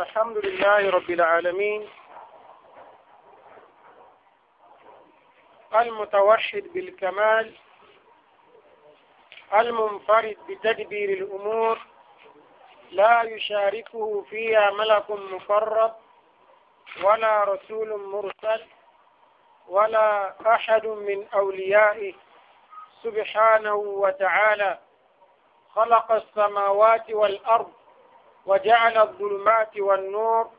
الحمد لله رب العالمين المتوحد بالكمال المنفرد بتدبير الأمور لا يشاركه فيها ملك مقرب ولا رسول مرسل ولا أحد من أوليائه سبحانه وتعالى خلق السماوات والأرض وجعل الظلمات والنور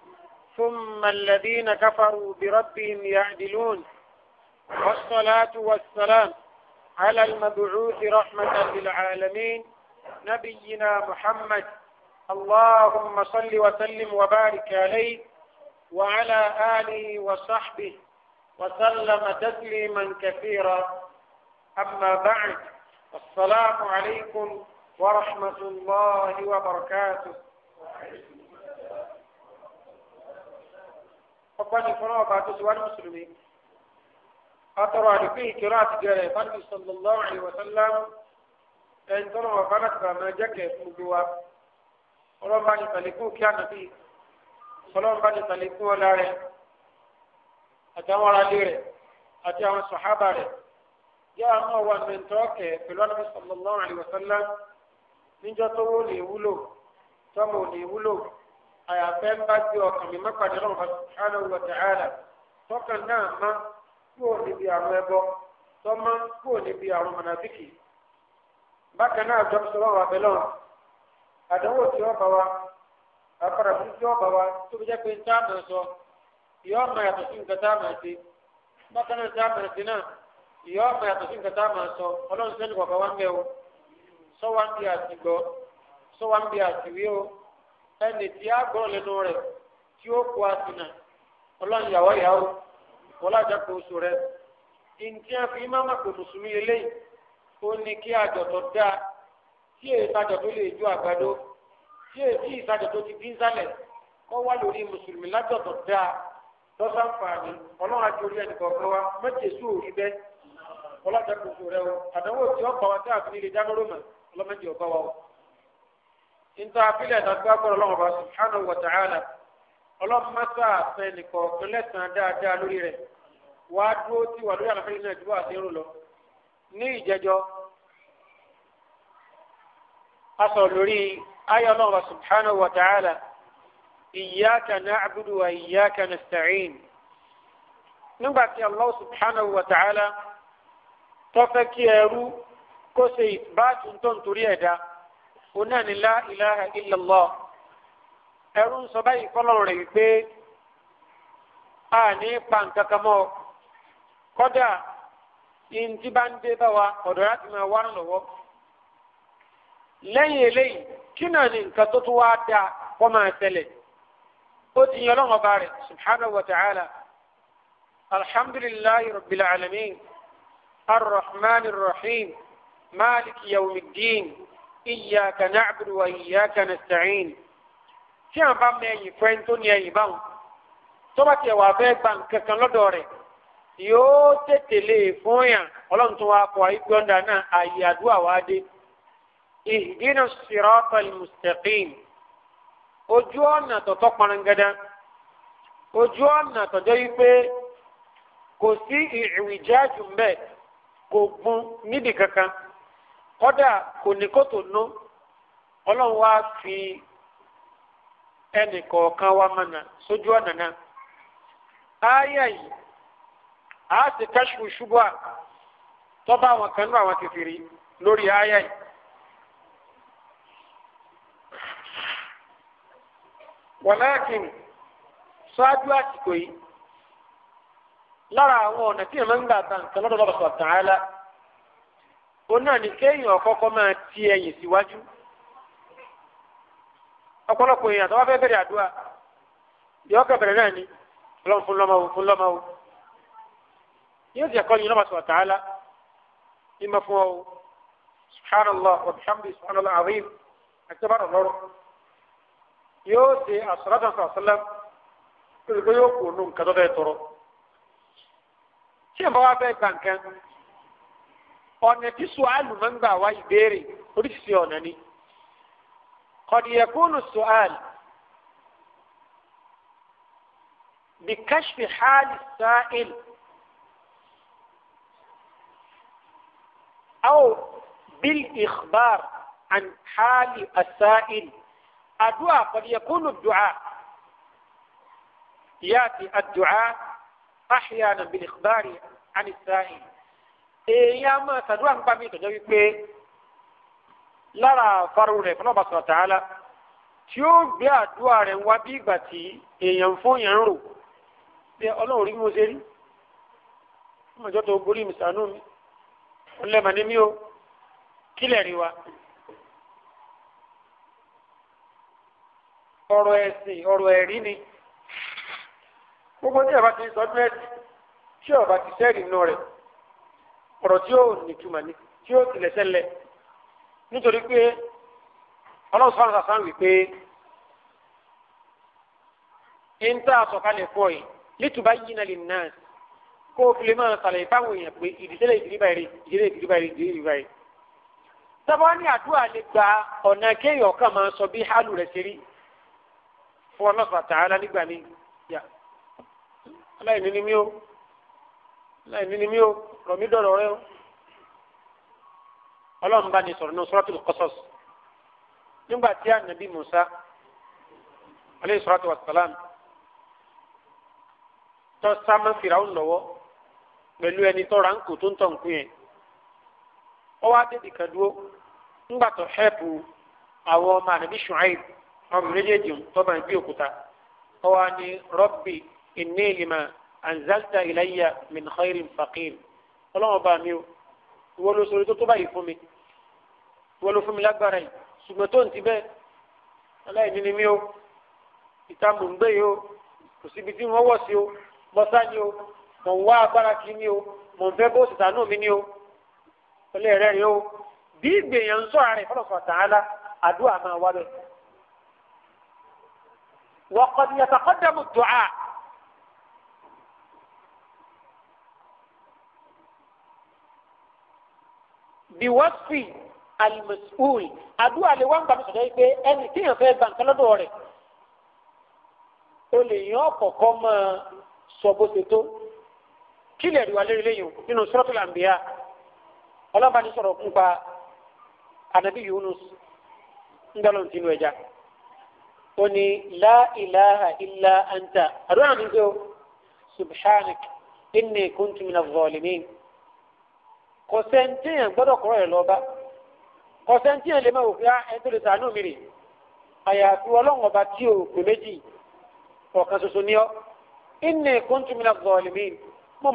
ثم الذين كفروا بربهم يعدلون والصلاة والسلام على المبعوث رحمة للعالمين نبينا محمد اللهم صل وسلم وبارك عليه وعلى آله وصحبه وسلم تسليما كثيرا أما بعد السلام عليكم ورحمة الله وبركاته ọgbọ́n ní fọlọ́wọ́ bá tó ti wá ní mùsùlùmí atọrọ àdìpín ìkẹrọ àtijọ́rẹ̀ fáńdì sallallahu alaihi wa sallam ẹni tọ́nà wà fáńdà kàrà máa jẹ́kẹ̀ fún gbogbo wa ọlọ́ba ní tàlẹ́kùn kí ànàbí ọlọ́ba ní tàlẹ́kùn ọ̀la rẹ̀ àtàwọn aráalé rẹ̀ àti àwọn sàhábà rẹ̀ yá àwọn ọ̀wà mẹ́ntọ́ kẹ̀ pẹ̀lú ànàbí sallallahu alaihi wa tó wó lè wúlò tọ́mọ òní wúlò àyàfẹ́ ń bá gbé ọkàn mi má pàdé lọ́wọ́ subhanahu wa ta'ala tọ́kàn náà má kúrò níbi àwọn ẹbọ tọ́mọ kúrò níbi àwọn mọ̀nàfíkì bákan náà jọ́ sọ́wọ́ wà bẹ́lọ́ àdánwò tí ó bá wa àpàrà fún tí ó bá wa tó fi jẹ́ pé ń táàmù sọ ìyọ́ ọmọ yàtọ̀ sí nǹkan táàmù ẹ̀sìn bákan náà táàmù ẹ̀sìn náà ìyọ́ ọmọ yàtọ̀ sí nǹkan táàmù ẹ̀sọ ọlọ́run sẹ́ni kọ̀ọ̀kan wá ń bẹ̀ o sọ wá ń bí àtìgbọ́ sọ wá ń bí àtìwé o ẹnì tí a gbọ́ lẹ́nu rẹ̀ tí ó kó àtìnà ọlọ́run yàwọ́ yàwó wọlájà kò oṣù rẹ̀ ìǹtí a fi máma kò mùsùlùmí eléyìí ó ní kí àjọ̀tọ̀ dáa tí èyí ìtajà tó lè jó àgbàdo tí èyí ìtajà tó ti dín sálẹ̀ kọ́ wá lórí mùsùlùmí lájọ̀tọ̀ dáa lọ́sàǹfààní ọlọ́run àti orí ẹnì kọ̀ọ̀kan wa mẹ́tẹ̀ẹ̀sù òrí bẹ́ẹ̀ wọlájà kò oṣù rẹ̀ o àdánwò tí ọ̀pá wa tí a fi ní ilé dáná mọ́ ọlọ́mọdé ọ̀pá wa o níta àfilẹ̀ nàgbà gbọ́dọ̀ lọ́wọ́ bá subhanahu wa ta'ala ọlọ́run mọ́tò àfẹnì kọ̀ọ̀kan lẹ́sàn-án dáadáa lórí rẹ̀ wá dúró tí wà lórí àlàfẹ́ náà dúró àdérò lọ ní ìjẹjọ́ a sọ lórí ayé ọlọ́run bá subhanahu wa ta'ala iyyaka na'budu wa iyyaka nasta'in nígbà tí allah subhanahu wa ta'ala tó kí ẹrú kó ṣe ìbáàtú tó ń torí onáni la ilaha illallah ẹrú ń sọ báyìí fọlọ́run rẹ̀ wípé a ní pa nǹkan kan mọ́ kọ́dà ìǹtí bá ń dé bá wa ọ̀dọ̀ láti máa wá lọ́wọ́ lẹ́yìn eléyìí kí náà ni nǹkan tó tún wá dáa kọ́ máa tẹ̀lẹ̀ ó ti yan ọlọ́run ọba rẹ̀ subhanahu wa ta'ala alhamdulillahi rabbil alamin arrahmanir rahim maliki yawmiddin iyyaka na'budu wa iyyaka nasta'in tí àwọn bá mẹ́yìn fẹ́ tó ní ẹ̀yìn báwọn tó bá tiẹ̀ wà fẹ́ gba nǹkan kan lọ́dọ̀ rẹ̀ yóò tètè lè fún yàn ọlọ́run tó wàá kọ́ ayé gbọ́ndà náà àyè àdúrà wá ihdina siratal mustaqim ojú ọ̀nà tọ̀tọ̀ panangada ojú ọ̀nà tọ̀jọ́ yìí pé kò sí ìrìnjájú mbẹ́ kò gun níbi kankan kọ́dà kò ní kó tó ná ọlọ́run wá fi ẹnì kọ̀ọ̀kan wá mọ̀nà sójú ọ̀nà náà. ááyà yìí a ti kẹ́sù ṣubú à tọ́ba àwọn kan nú àwọn kìfìrí lórí ááyà yìí. wọ́láàkìn ṣáájú àsìkò yìí lára àwọn ọ̀nà tí ìmọ̀ ń gbà tán kan lọ́dọ̀ lọ́dọ̀ sọ̀tàn áyá lá òun náà ni kéèyàn kọ́kọ́ máa ti ẹ̀yìn síwájú ọ̀pọ̀lọpọ̀ èèyàn tó wá fẹ́ bẹ̀rẹ̀ àdúrà yọ ọkọ̀ bẹ̀rẹ̀ náà ni ọlọ́run fún lọ́mọ fún lọ́mọ o yóò sì ẹ̀kọ́ yìí lọ́mọ sọ̀rọ̀ tààlà ìmọ̀ fún ọ o subhanallah wa bihamdi subhanallah azim àti ọba lọ́rọ̀ yóò ṣe àṣọlátàn sàṣọlá pé yóò kó nù nǹkan tó fẹ́ tọrọ tí ìbọn wá fẹ́ gbà ọ̀nà tí sùhálù máa ń gbà wá ìbéèrè oríṣiríṣi ọ̀nà ni kọ̀dìyàkúnù sùhálù bìkẹ́ṣfì hálì sáìl أو بالإخبار عن حال السائل الدعاء قد يكون الدعاء يأتي الدعاء أحيانا بالإخبار عن السائل èèyàn máa ṣàdúrà ń bá mi tọ̀jọ́ wípé lára àfarò rẹ̀ fún ọba sọ̀tà á la tí ó gbé àdúrà rẹ̀ wá bí ìgbà tí èèyàn fún yẹn ń rò pé ọlọ́run rí mo ṣe rí ọmọjọ́ tó gorí mi ṣàánú mi ọlẹ́mà ní mí o kílẹ̀ rí wa. ọ̀rọ̀ ẹ̀sìn ọ̀rọ̀ ẹ̀rí ni gbogbo tí ọba ti sọdún ẹ̀sìn tí ọba ti sẹ́rìí inú rẹ̀ ọ̀rọ̀ tí yóò nìtumọ̀ ni tí yóò tilẹ̀ sẹ́lẹ̀ nítorí pé ọlọ́run sọ̀rọ̀ sàfihàn wípé ìntà sọ̀kalẹ̀ fọ́ yìí lítùbá yìí náà lè nà kó o fìlẹ̀ máa sàlẹ̀ fáwọn èèyàn pé ìdílé ìdílé báyìí ìdílé ìdílé báyìí ìdílé ìdílé báyìí. sábà ní àdúrà lè gba ọ̀nà kéèyàn kan máa sọ bí hálù rẹ̀ ṣe rí fún ọlọ́sàtà alánígbà mi. o láì ní ni mí o rọ̀ mí dọ̀rọ̀ rẹ o ọlọ́run bá ní sọ̀rọ̀ ní Suratul Qasas nígbà tí ànábì Musa aleyhi salatu wasalam. salam tọ́ sámá fìràwùn lọ́wọ́ pẹ̀lú ẹni tọ́ ra ń kò tó ń tọ̀ ń yẹn ọ wá dédì kan dúró nígbà tó hẹ́pù àwọn ọmọ ànábì Shu'aib ọmọ méjèèjì tó bá ń gbé òkúta ọ wá ní Rabbi inni anzalta ilayya min khairin faqir ọlọ́wọ́n bá mi o ìwọ ló sọ̀rọ̀ tó tó báyìí fún mi ìwọ ló fún mi lágbára yìí ṣùgbọ́n tó ń ti bẹ́ẹ̀ aláìní ni mí o ìta mò ń gbé yìí o kò síbi tí wọ́n wọ̀ sí o mọ́sá ni o mọ̀ ń wá agbára kí ni o mọ̀ ń fẹ́ bó sì sànú mi ni o ọlẹ́ rẹ̀ ni o bí ìgbèyàn ń sọ àárẹ̀ fọlọ́fọ̀ tààlà àdúrà máa wá bẹ́ẹ̀. wọ́n kọ́ ni yàtọ̀ kọ́ dàmú dùn á. biwasfi alimasul àdúrà lè wá ń gbàgbé sọ̀rọ̀ yìí pé ẹni téèyàn fẹ́ gba nǹkan lọ́dọ̀ rẹ̀ o lè yan ọ̀kọ̀ọ̀kọ́ máa sọ bó ṣe tó kí lè rí wa lérí léyìn nínú suratul anbiya ọlọ́ba ní sọ̀rọ̀ nípa anabi yunus ńgbàlóhùn tìǹbù ẹja ó ní la ilaha illa anta àdúrà mi ń gbé o subhanak inni kuntu minaz zalimin. kọ̀sẹ̀ntì gbọ́dọ̀ kọ́rọ̀ ẹ̀ lọ́ba kọ̀sẹ̀ntì yẹn lè máa wò pé ah, lè sàánú mi àyàfi tí o pè méjì ọ̀kan ṣoṣo ní ọ́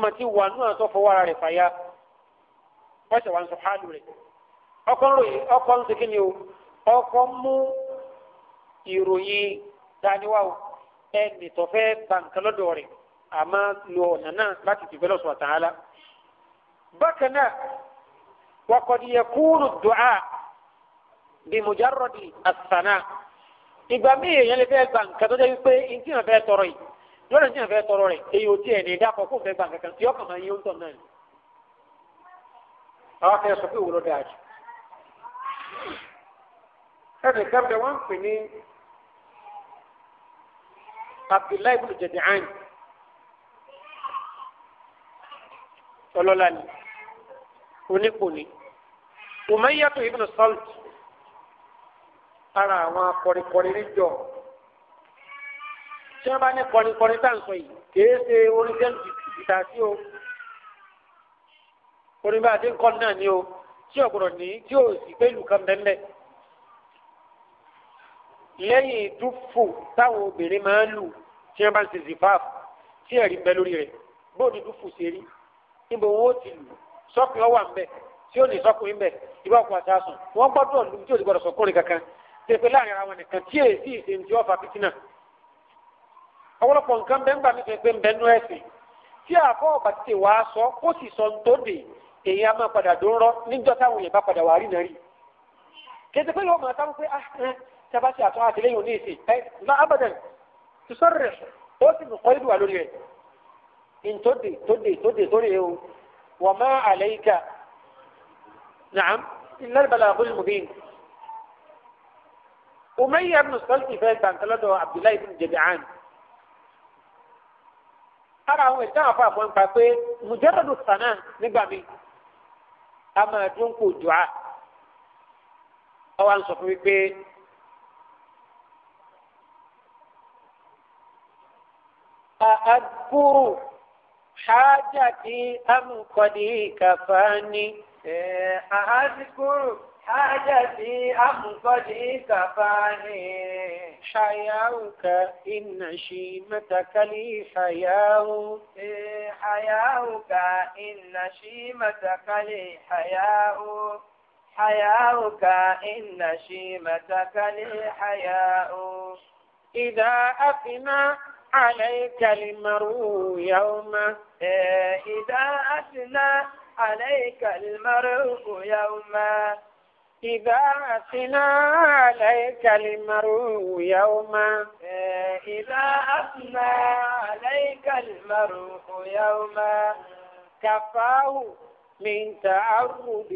mo ti wà náà tó fọwọ́ ara rẹ̀ fàyà ọ̀ṣẹ̀ wà ń sọ hálù rẹ̀ ọkọ̀ ń ọkọ̀ ń kíni o ọkọ̀ ń mú ìròyìn daniwa o ẹnì tó fẹ́ bàǹkà lọ́dọ̀ rẹ̀ àmọ́ lo ọ̀nà náà láti بكنا وقد waqad الدعاء بمجرد bi mujarradi as-sana ìgbà míì èèyàn lè fẹ́ gba nǹkan tó jẹ́ wípé ntí wọn fẹ́ tọrọ yìí lọ́dọ̀ tí wọn fẹ́ tọrọ rẹ̀ èyí ò tiẹ̀ ní dákọ̀ kó fẹ́ gba nǹkan tí ọkàn máa yí ó náà ni. àwọn afẹ́ sọ pé òwúrọ̀ dáa jù. ẹnì kan bẹ wọ́n pè ní Abdullahi ibn Jad'an ọlọ́lá ni onípò ni Umayyatu ibn Salt ara àwọn akọrinkọrin níjọ tí wọn bá ní kọrinkọrin tá à ń sọ yìí kìí ṣe orin jẹ́ ìdá sí o orin bá a ti ń kọ́ náà ni o tí ọ̀gbọ̀rọ̀ ní tí ò sì pé ìlú kan bẹ́ẹ̀ bẹ́ẹ̀ lẹ́yìn dúfù táwọn obìnrin máa ń lù tí wọ́n bá ń ṣe zifaf tí ẹ̀rí bẹ lórí rẹ̀ bóòdù dúfù ṣe rí níbo wọn ó ti lù sọ́kùn ọwà ń bẹ̀ tí ó ní sọ́kùn ń bẹ̀ ìbá ọkọ̀ àti asùn wọ́n gbọ́dọ̀ lu tí ó ti gbọ́dọ̀ sọkùnrin kankan tẹ̀pẹ́ láàrin ara wọn nìkan tí èyí sì ṣe ti ọ̀fà fìtínà. ọ̀pọ̀lọpọ̀ nǹkan bẹ́ẹ̀ ń gbà mí fẹ́ pé ń bẹ́ẹ̀ nú ẹ̀sìn tí àfọ́ ọ̀bà ti tè wàá sọ ó sì sọ ń tó dè èyí á máa padà dó ń rọ́ níjọ́ táwọn èèyàn bá padà wà rí nàrí. kété pé yóò máa sáwọn pé ah ẹ tábà ṣe àtọ́ àtìlẹ́yìn òní ìsìn ẹ má abadan وما عليك نعم إلا البلاغ المبين أمية بن سلفي فات عن ثلاثة عبد الله بن جدعان ara àwọn ìtàn àfa àfọ̀n pa pé mùjẹ́rọ̀dù sànà nígbà mi a máa dún kò jù á ọwọ́ à ń sọ fún mi pé àkúrò. حاجتي أم قد كفاني أذكر حاجتي أم قد كفاني حياؤك إن شيمتك لي حياء حياؤك إن شيمتك لي حياء حياؤك إن شيمتك لي حياء إذا أفنى عليك المرء إيه، يوم إذا أثنى عليك المرء يوم إيه، إذا أثنى عليك المرء يوم إذا أثنى عليك المرء يوم كفاه من تعرض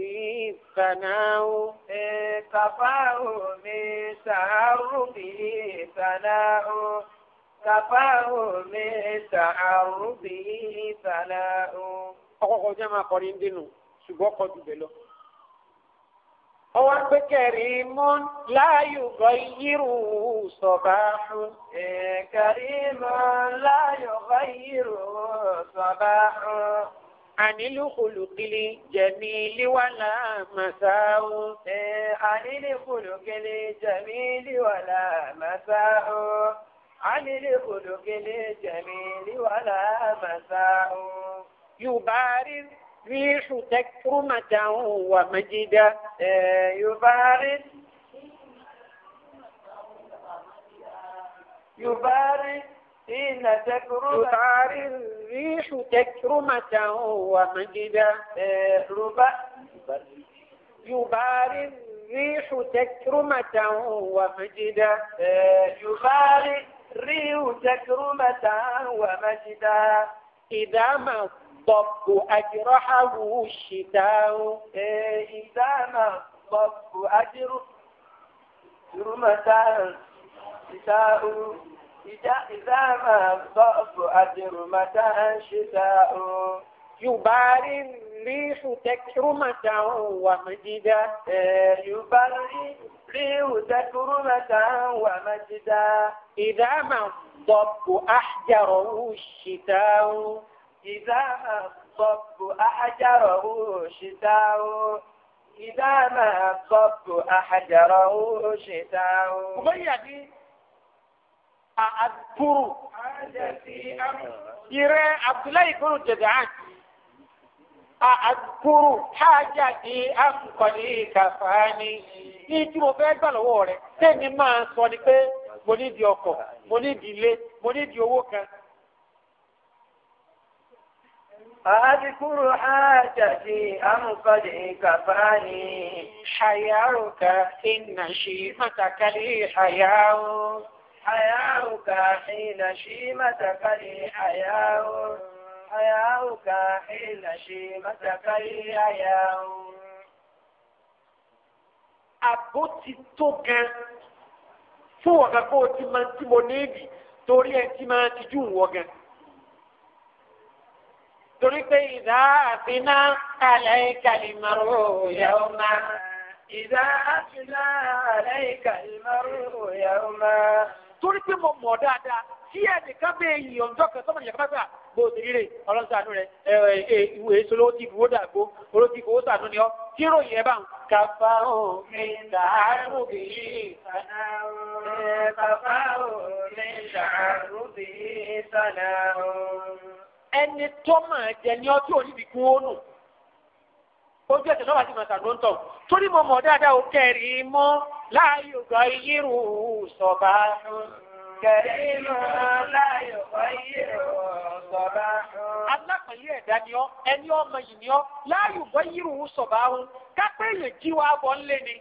الثناء إيه، كفاه من تعرض الثناء kàfáàrò mi sàárùbí sàlá o. ọkọ̀ọ̀kọ̀ jẹ́ máa kọrin dínú ṣùgbọ́n kọ jù bẹ́ẹ̀ lọ. ọwọ́ pé kẹrìmọ́ láàyò gbọ́ yírù sọ̀bà fún. kẹrìmọ́ láàyò gbọ́ yírù sọ̀bà fún. Ànílù kùlùkìlì jẹ̀mí líwàlá màsáhù. Ànílù kùlùkìlì jẹ̀mí líwàlá màsáhù. عن الخلق الجميل ولا مساء يبارز ريح تكرمة ومجدا إيه، يبارز يبارز إن تكرم تطاري الريح تكرمة ومجدا إيه، ربا يباري الريح تكرمة ومجدا إيه، يباري ريو تكرمة ومجدا إذا ما الضب أجرحه الشتاء إيه إذا ما الضب أجر جرمة شتاء إذا ما الضب أجرمة شتاء يباري الريح تكرمة ومجدا يباري الريح تكرمة ومجدا إذا ما الضب أحجره الشتاء إذا ما الضب أحجره الشتاء إذا ما الضب أحجره الشتاء أذكر يرى عبد الله يكون جدعان àkúrú hájàdì àǹkọ̀lì kàfàání ní tí mo fẹ́ gbà lọ́wọ́ rẹ̀ tẹ́mi máa sọ ni pé mo ní di ọkọ̀ mo ní di ilé mo ní di owó kan. àdìkúrú hájàdì àǹkọ̀lì kàfàání. ṣàyàrùkà iná ṣì mọ́tàkàlì ṣàyàrù. ṣàyàrùkà iná ṣì حياؤك حين شيمتك الأيام àbó ti tó gan fún ọ̀gá kó o ti máa ti mọ níbi torí ẹ ti máa ti jù wọ gan. torí pé ìdá àfiná àlẹ́ ìkàlìmọ̀rò ìyàwó máa. ìdá àfiná àlẹ́ ìkàlìmọ̀rò ìyàwó máa. torí pé mo mọ̀ dáadáa tí ẹnìkan bẹ́ẹ̀ yìnyín ọjọ́ kan sọ́mọ̀ nìyẹn bá bó o ti rí rè ọlọ́run sànú rẹ ẹ ẹ ìwé èso ló ti fowó dàgbó olóò ti fowó sànú ni ọ tí ròyìn ẹ bá ń. kàfà ó mi dàrú bí ìsànà ó ẹni tó máa jẹ ní ọtí oníbi kún ó nù ojú ẹsẹ̀ lọ́wọ́ àti màtà ló ń tọ̀ torí mo mọ̀ dáadáa ó kẹrì mọ́ láàyò gan yírù sọ̀bà. كريم لا يغير صباح alápẹ̀lẹ́ ẹ̀dá ni ọ́ ẹni ọmọ yìí ni ọ́ láàyò bọ́ yírù ń sọ̀bà ń kápẹ́ lè jí wa bọ́ ń lé ni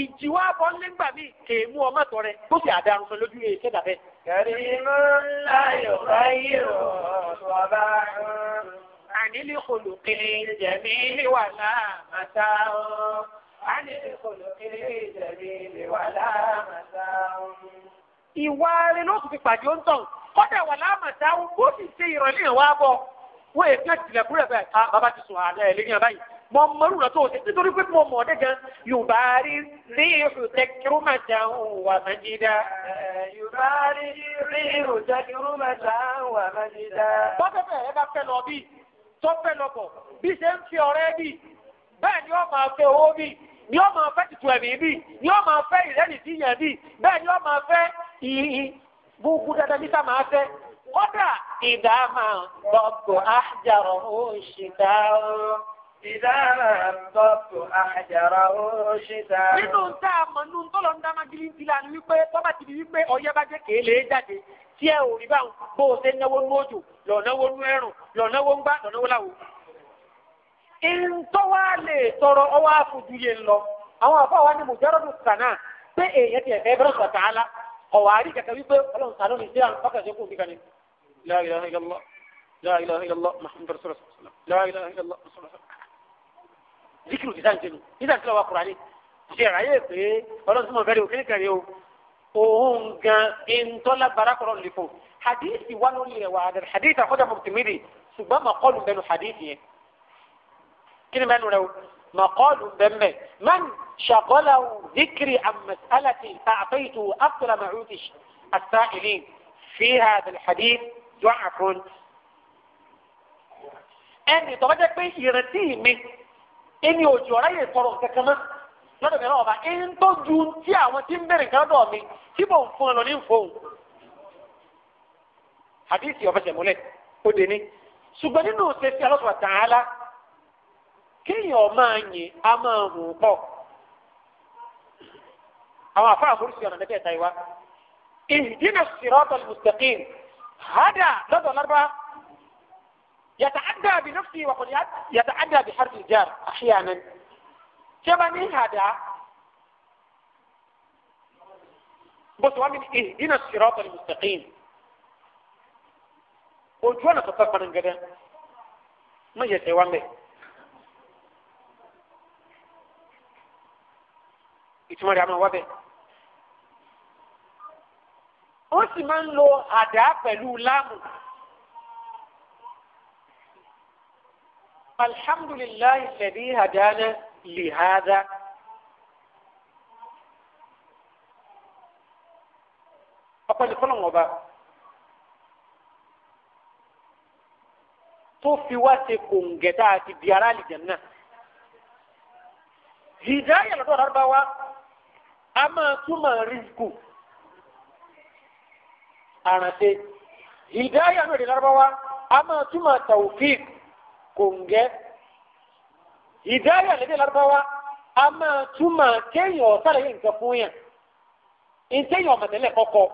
ìjì wa bọ́ ń lé gbà mí kèémú ọmọ tọ́ tó sì àdarun fún lójú èké dàbẹ́. kẹrìmọ́ láyò bá yírù sọ̀bà ń. ànílé olùkiri jẹ̀mí wà náà màtá ọ́ ànílé olùkiri jẹ̀mí wà náà màtá ọ́. ìwà rẹ ló fi pàdé ó ń kọ́dà wà láàmàtà ó bó sì ṣe ìrọ̀lẹ́ yẹn bọ̀ wọ́n èyí kan tilẹ̀ kúrẹ̀ bẹ́ẹ̀ ká ah, bàbá ti sùn ẹ̀ mọ mọ́rù tó o ṣe nítorí pé mo mọ̀ ọ́dẹ́ gan yorùbá rí rí ìrù tẹ ń wà má eh, yorùbá rí rí ìrù ń wà ẹ bá fẹ́ lọ bí tó fẹ́ lọ bọ̀ bí ṣe ń fi ọ̀rẹ́ bí bẹ́ẹ̀ ni Ti gbogbo dandan ní sáà máa fẹ́ kódà ìdáàmà dọ́pọ̀ àjàrọ̀ òṣìṣẹ́ ìdáàmà dọ́pọ̀ àjàrọ̀ òṣìṣẹ́. nínú tá a mọ̀ nínú tọ́lọ̀ ń dáná gírí ń tilá ni wípé tọ́ba ti di wípé ọyẹ́ bá jẹ́ kéèlé jáde tí ẹ ò rí bá bó o ṣe náwó ní òjò lọ́nàwó ní ẹ̀rùn lọ́nàwó ń gbá lọ́nàwó láwo. ìtọ́wá lè tọrọ ọwọ́ àfojúyè lọ àwọn àfọwọ́ ni mùjẹ́rọ̀dù kànáà pé èèyàn ti ẹ̀fẹ́ bẹ́rẹ̀ sọ̀tà á lá ọ̀wà àrí kẹkẹ wípé ọlọ́run sàánú ní sílẹ̀ ọkàn ṣe kú kíkan ni. la ilaha illallah la ilaha illallah muhammadur rasulullah la ilaha illallah zikiru ti sáǹtì nù ti sáǹtì lọ́wọ́ kùránì ṣe àyè pé ọlọ́run tí mo bẹ̀rẹ̀ òkè kẹrẹ o òun gan ìntọ́lá barakọ̀rọ̀ lè fò hadithi wà lórí ẹ̀wà àdàrà hadithi àkọ́jà mọ̀tìmídì ṣùgbọ́n màkọ́lù bẹnu hadithi yẹn kí ni rẹ o ما قالوا دم من شغله ذكري عن مسألة أعطيته أفضل معود السائلين في هذا الحديث ضعف أني طبعا به يرتيه من أن يجري الفرق كما لا ترى ما إن تجون تيا وتمبرن كذا من تبون فنانين فون حديث يا بس مولك ودني سبحان الله سبحانه وتعالى kéèyàn ọmọ anyi a máa hùn pọ̀ àwọn afáà múrísì ọ̀nà mẹ́tẹ̀ẹ̀ta yìí wá ihdina sirata almustaqim hada lọ́dọ̀ lọ́dọ̀ yàtàdà bí nọ́fì wàkùn yàtàdà bí harfi jar àhíyànán bá ní hada bọ́sù wà mí ihdina sirata almustaqim ojú ọ̀nà tó fẹ́ fọ́nà gẹ́gẹ́ mọ̀ yẹ tẹ̀ wá mẹ́ẹ̀. ìtumọ̀ rẹ̀ a máa wá bẹ́ẹ̀. ó sì máa ń lo àdá pẹ̀lú láàmù. alhamdulillahi alladhi hadana li hadha. ọ̀pọ̀ ní fọlọ́n ọba tó fi wá ṣe kòǹgẹ̀ tá a ti di aráàlì jẹ̀ náà. hìdáyà lọ́dọ̀ ọ̀dọ́ bá wá a máa túmọ̀ rìsíkù àrànṣe ìdáyà lóde lárúbáwá a máa túmọ̀ tàwùfíìk kòǹgẹ́ ìdáyà lédè lárúbáwá a máa túmọ̀ kéèyàn ọ̀sálẹ̀ yìí nǹkan fún yàn ìtẹ̀yìn ọ̀mọ̀tẹ́lẹ̀ kọ́kọ́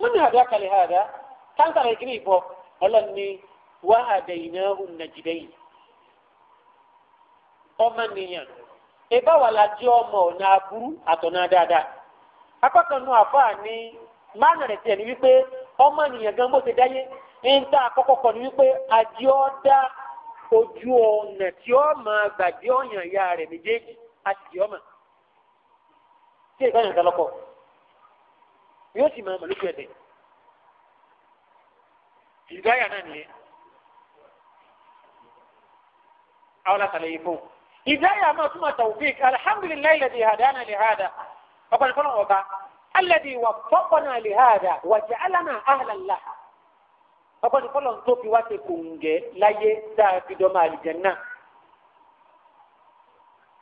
wọ́n ní àdá kalẹ̀ àdá káńtàrà ìkíní ìbọ̀ ọlọ́run ní wàhádẹ́yìn náà ń nàjìdẹ́yìn ọmọ nìyàn. ebe àwa la na ọmọ ọ̀nà aburú àtọ̀nà dáadáa apá kan nu àfáà ní máàna rẹ̀ tiẹ̀ ní wípé ọmọ ènìyàn gan bó ṣe dáyé ń tá àkọ́kọ́ kan ní wípé àjẹ́ ọ́ ojú ọ̀nà tí ó máa gbàgbé ọ̀yàn ìyá rẹ̀ méjèèjì àti ọmọ tí èkó ma kálọ́kọ̀ yóò sì máa mọ̀lúkú ẹ̀dẹ̀ ìdáyà náà nìyẹn àwọn fún un. ìdáyà náà túmọ̀ tawfiq alhamdulilayi ladi hadana li hada ọ̀pọ̀ nìkan ọba alẹ́dì wà fọ́kànnà li hada wà jẹ́ alánà ahlàlá ọ̀pọ̀ nìkan lọ́n tó fi wá ṣe kòǹgẹ́ láyé dáàbí dọ́mọ àlìjẹ́nà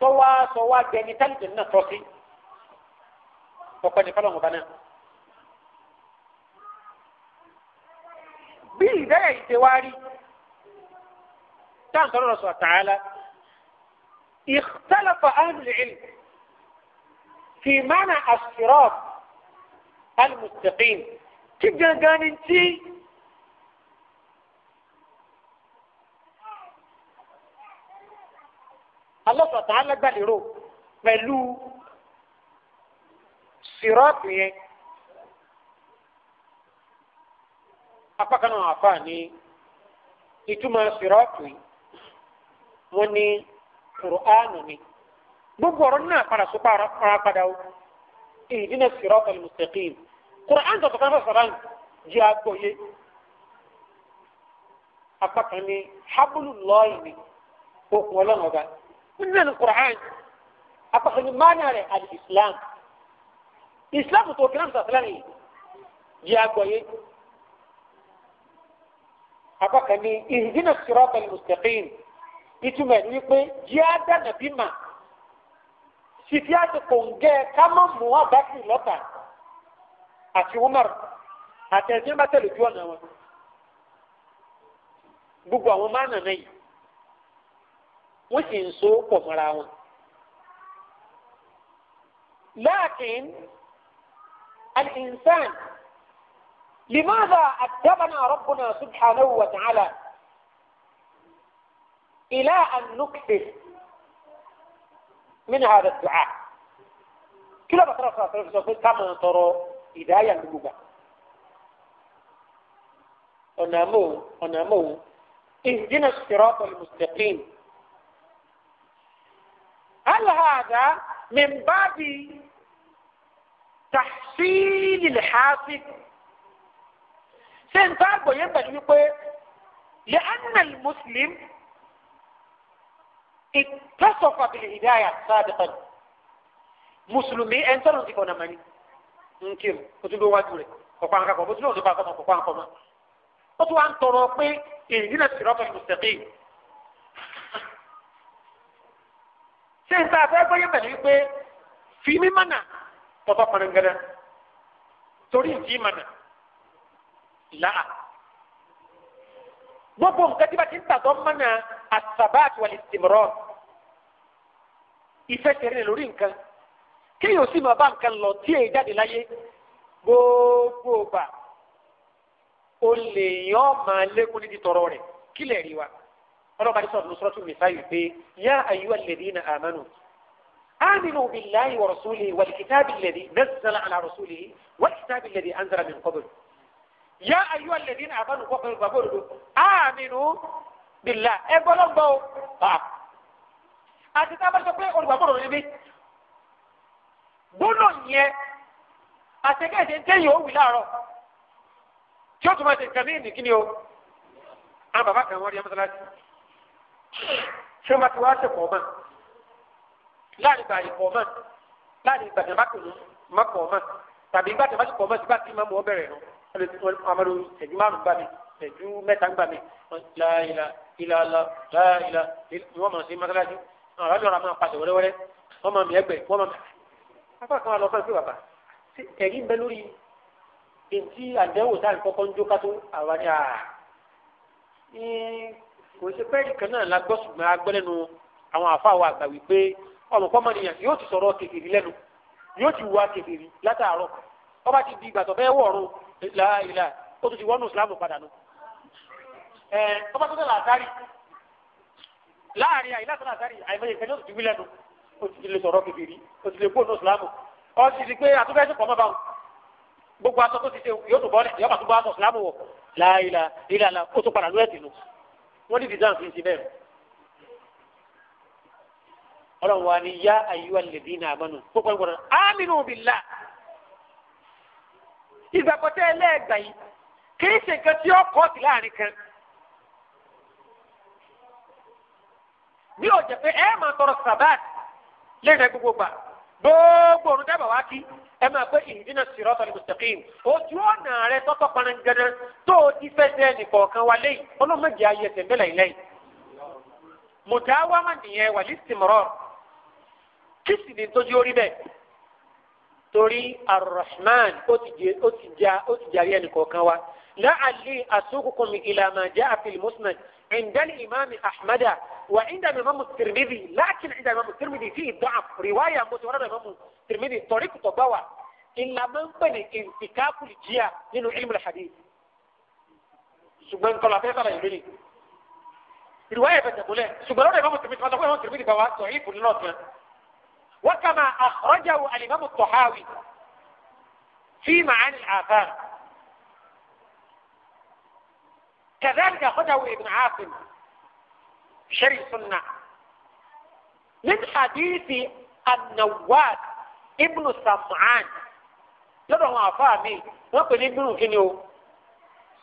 tọ́wá sọ́wá jẹni tálìjẹ́nà tọ́sí ọ̀pọ̀ nìkan lọ́n ọba náà. bí ìdáyà yìí ṣe wá rí táǹtọ́rọ̀ sọ̀ tààlà. اختلف أهل العلم في معنى الصراط المستقيم تبقى قال انت الله سبحانه وتعالى gbà lérò pẹ̀lú sírọ́ọ̀tì yẹn apákanáà àfáà ní ìtumọ̀ sírọ́ọ̀tì wọn ni kùránù ni gbogbo ọ̀rọ̀ náà padà sọ parapàdà o ìdínà sirata al-mustaqim kùránù tó tọ́ka fẹ́ẹ́ sọ̀rọ̀ jẹ́ àgbọ̀yé apá kan ní habulullahi ni okùn ọlọ́run ọba nínú kùránù apá kan ní mánà rẹ̀ al-islam islam tó kí náà sọ̀rọ̀ yìí jẹ́ àgbọ̀yé apá kan ní ìdínà sirata al-mustaqim ìtumọ̀ ẹni wípé jẹ́ àdànàbí mà fífi àsìkò ń gẹ́ ká má mú àbákì lọ́tà àti Umar àti ẹ̀sìn bá tẹ̀lé ojú ọ̀nà wọn gbogbo àwọn máa nàná yìí wọ́n sì ń so pọ̀ mọ́ra wọn. لكن الإنسان لماذا أدبنا ربنا سبحانه وتعالى إلى أن نكثر من هذا الدعاء كلا بطرة صلى الله عليه وسلم كما ترى إداية اللغة أنامو أنامو اهدنا الصراط المستقيم هل هذا من باب تحصيل الحاسد سنتابو يبقى لأن المسلم اتصف بالهداية سابقا مسلمي أنت لن تكون مني nkiri o tún bẹ wájú rẹ kọkọ àwọn akọkọ o tún lọ nípa akọkọ kọkọ àwọn akọkọ o tún wà ń tọrọ pé èyí nínú sirọ́tọ̀ mustaqim ṣé n ta afẹ́ gbọ́yé pẹ̀lú wípé fi asabat wal istimrar ìfẹ́ tẹ̀lé lórí nǹkan kéèyàn sì máa bá nǹkan lọ tí èyí jáde láyé gbogbo gbà ó lè yàn máa lékún níbi tọrọ rẹ̀ kí lè rí wa ọlọ́ba ní sọ̀rọ̀ lọ́sọ̀rọ̀ tó lè fáyọ̀ pé yá ayyuha alladhina amanu aminu billahi wa rasulihi wal kitabi alladhi nazzala ala rasulihi wal kitabi alladhi anzala min qabl yá ayyuha alladhina amanu kọ́kọ́ gbàgbọ́ òdodo aminu bìlà ẹ gbọ́dọ̀ gbọ́ o àti tábà sọ pé olùgbàgbọ́dọ̀ níbí gbóná yẹn àtẹkẹ́sẹ̀ ntẹ́yìn ó wì láàárọ̀ tí ó tún máa ṣe nǹkan bíi nìkíni o àwọn bàbá kan wọ́n rí ẹmọ́sálásí ṣé wọ́n ti wá ṣe pọ̀ mọ́ láàrin gbàyè pọ̀ mọ́ láàrin gbàyè má kùnú má pọ̀ mọ́ tàbí ìgbà tí wọ́n ti pọ̀ mọ́ sígbà tí màmú ọ bẹ̀rẹ̀ nù ọmọdé ẹ̀jú márùn-ún gbà mí ẹ̀jú mẹ́ta gbà mí láyé láyé ilà ilà ilà ilà wọ́n mọ̀ sí mọ́sálásí àwọn ọ̀rọ̀ àdúrà máa pàṣẹ wẹ́rẹ́wẹ́rẹ́ wọ́n mọ̀ mí ẹgbẹ́ wọ́n mọ̀ mí. apá kan lọ fẹ́ẹ́ pé bàbá ẹ̀rí ń bẹ lórí ètí àdéhùn táà kọ́kọ́ ń jó kátó àwa ni àà kò ṣe pẹ́ẹ́lí kan náà la gbọ́ ṣùgbọ́n agbẹ́lẹ́nu àwọn àfáwọ̀ àgbà wípé ọmọkọ́mọnìyàn yóò ti sọ̀rọ̀ kékeré lẹ́nu yóò ti wá kékeré látàárọ̀ ọba ti di ìgbà tó fẹ́ wọ̀ọ̀rùn láìláì ó tún ti wọ́nú ìsìlámù padà nù ẹ tó bá tó tẹ làásárì láàrin àyè láti làásárì àyèmọye ìfẹ́ ní oṣù tìwílẹ̀ nu o ti lè sọ̀rọ̀ kékeré o ti lè kó ní ìsìlámù ọ sì ti pé àtúbẹ̀ ẹ̀sìn pọ̀ mọ́ báwọn gbogbo aṣọ tó ti ṣe yóò tó bọ́ọ̀lẹ̀ yóò bá tó bá aṣọ ìsìlámù wọ̀ láìla ìlànà ó tó padà lóyè tìlú wọ́n ní fìdí àǹfin sí bẹ́ẹ̀ ọlọ́run wa ni yá àyíwá lèdí ní àmọ́nù tó pẹ́ gbọ́dọ̀ ámínú bìlá ìgbàgbọ́tẹ́ ẹlẹ́ẹ̀gbà yìí kì í ṣe nǹkan tí ó kọ́ sí láàrin kan bí o jẹ pé ẹ máa tọrọ sabat lẹ́nu gbogbo gbà gbogbo òrùn dábàá wá kí ẹ máa pé ihdina siratal mustaqim ojú ọ̀nà rẹ tọ́tọ́ panangana tó o ti fẹ́ sẹ́ nìkọ̀ọ̀kan wa lẹ́yìn ọlọ́mọdé ayé ẹsẹ̀ mẹ́lẹ̀ yìí lẹ́yìn. mùtáwámà nìyẹn wà ní istimrar kí sì ni tójú orí bẹ́ẹ̀ torí arrahman ó ti jẹ́ àrí ẹnìkọ̀ọ̀kan wa la'alli asukukum ila ma ja'a fil musnad عند الإمام أحمد وعند الإمام الترمذي لكن عند الإمام الترمذي فيه ضعف رواية متوردة الإمام الترمذي طريق طبوة إلا من بني انتكاك الجيا من علم الحديث ṣùgbọ́n nkọlọ afẹ́fẹ́ la ìrírí ìrìwáyà bẹ̀ tẹ̀kúlẹ̀ ṣùgbọ́n lọ́dọ̀ ìmọ̀mù tẹ̀mí tọ́lá fún tẹ̀mí bàwá sọ yìí fún lọ́ọ̀tì náà wọ́n kà máa àkọ́rọ́jà wo àlìmọ́mù tọ̀háwì fí màá ní àfáà كذلك أخذه ابن عاصم في شرح السنة من حديث النواد ابن سمعان لدى ما فاهمي ممكن ابن كنيو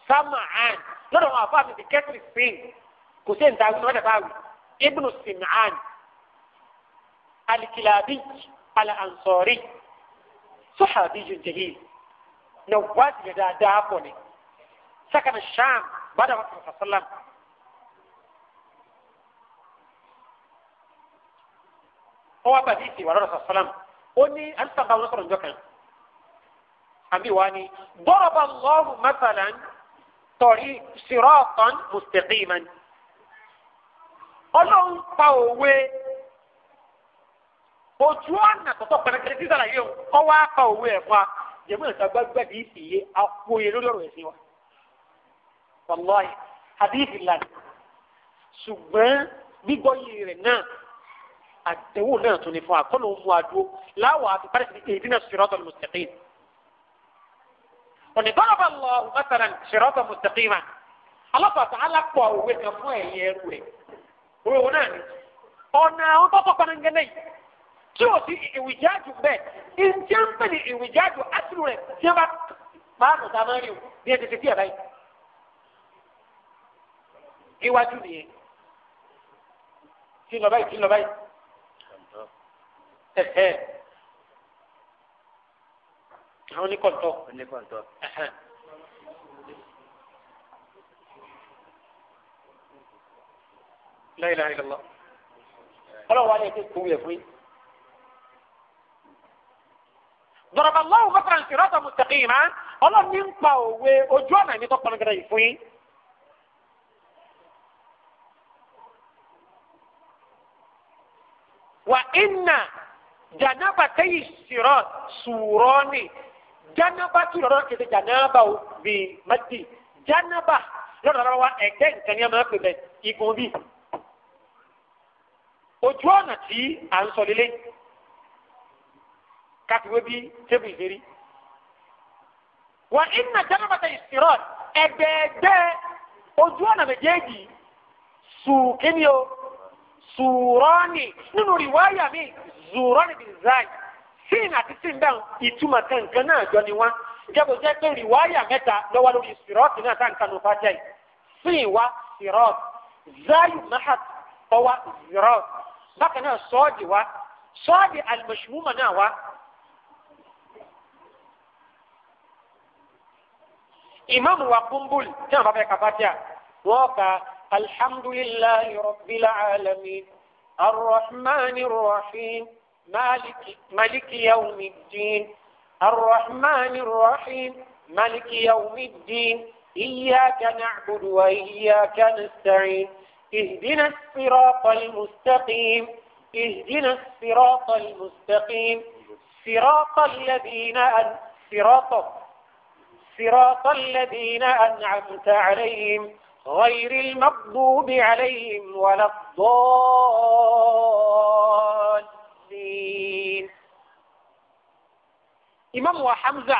سمعان لدى ما فاهمي بكثر السين كسين تعلم ماذا فاهمي ابن سمعان الكلابي الأنصاري صحابي جهيل نواد يدا دافوني سكن الشام بعد وقت الرسول صلى الله عليه وسلم ó wá bàtí ìsìn wà lọ́dọ̀ sàlám ó ní alùpàgbà wọn sọ̀rọ̀ njọ́kan àbí wa ni dọ́rọ̀bà lọ́hùn mẹ́tàlán tọ̀rí siratan mustaqiman ọlọ́run pa òwe ojú ọ̀nà tọ̀tọ̀ pẹ̀lẹ́kẹ̀lẹ́ tí sàlàyé o ọ wá pa òwe ẹ̀ fún wa jẹ̀mú ẹ̀ta gbàgbà bí ìsìn àpòyè lórí ọ̀rọ̀ ẹ̀sìn wa wàlláhi hadith ìlànà ṣùgbọ́n gbígbọ́ yìí rẹ̀ náà àdéhùn náà tún ní fún akọ́nà òun mú adúró láwọ̀ àti pàdé ìdínà siratal mustaqim òní bọ́lọ́bà lọ mẹ́tàlá siratal mustaqima alápàtà alápọ̀ òwe kan fún ẹ̀yẹ ẹrú rẹ̀ òwe wọn náà ni ọ̀nà àwọn tọ́tọ̀ panangẹ́lẹ́ yìí tí o ti ìwìjáàjù bẹ́ẹ̀ ìjẹ́ ń pè ní ìwìjáàjù àtúrò iwájú nìyẹn kí lọ báyìí kí lọ báyìí ẹ̀hẹ́ àwọn oníkọ̀ǹtọ̀ oníkọ̀ǹtọ̀ la ilaha illallah ọlọ́run wa ni ètò ìkú yẹ fún yín. ضرب الله مثلا صراطا مستقيما ọlọ́run ní ń pa òwe ojú ọ̀nà ìmítọ́ pọnagada yìí wa inna janaba tayi sirọ suurọni janaba ti lọ́dọ̀ kese janaba o bi mati janaba lọ́dọ̀ lọ́dọ̀ wa ẹgbẹ nkaniya ma pe bẹ igun bi ojú ọ̀nà tí a ń sọ lélẹ̀ káfíwé bí tébù ìlérí wa inna janaba tayi sirọ ẹgbẹgbẹ ojú ọ̀nà méjèèjì sùn kíni o zùrọ́nì nínú rìwáyà mi zùrọ́nì bíi zai sin àti sin bẹ́ẹ̀ ìtumọ̀ kankan náà jọ ni wọ́n jẹ́bù jẹ́ pé rìwáyà mẹ́ta lọ́wọ́ lórí sirọ́ọ̀tì náà tá nǹkan nùfà jẹ́ sin wa sirọ́ọ̀tì zai mahat ọwa sirọ́ọ̀tì bákan náà sọ́ọ̀dì wa sọ́ọ̀dì alimọ̀ṣùmùmọ̀ náà wa. ìmáàmù wa kúmbùl tí wọn bá fẹ́ kàfá tíà wọ́n ka الحمد لله رب العالمين الرحمن الرحيم مالك, ملك يوم الدين الرحمن الرحيم ملك يوم الدين إياك نعبد وإياك نستعين اهدنا الصراط المستقيم اهدنا الصراط المستقيم صراط الذين أن صراط صراط الذين أنعمت عليهم غير المغضوب عليهم ولا الضالين إمام وحمزة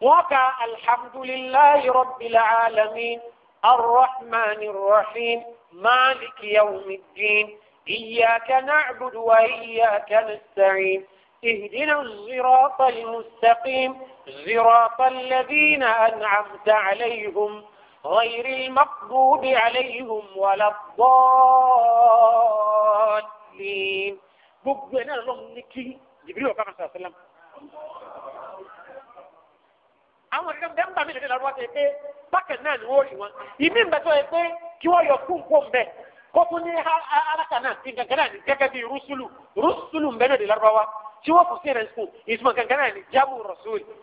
وكا الحمد لله رب العالمين الرحمن الرحيم مالك يوم الدين إياك نعبد وإياك نستعين اهدنا الصراط المستقيم صراط الذين أنعمت عليهم غير المغضوب عليهم ولا الضالين gbogbo ẹ̀ náà lọ́mú ní kí jìbìrì ọ̀ká àwọn ìdílé bẹ́ẹ̀ bá mi lè lọ́wọ́ ṣe pé bákẹ̀ náà ni wọ́n rí wọn. ìmí ń bẹ tó yẹ kí wọ́n yọ kún kó ń kó tún ní alaka náà ti gàgà náà ní gẹ́gẹ́ bí rúṣùlù rúṣùlù ń náà lè lọ́wọ́ wa tí wọ́n kù sí ẹ̀rẹ́ sùn ìtumọ̀ gàgà náà ní jábù rọ̀ṣùlù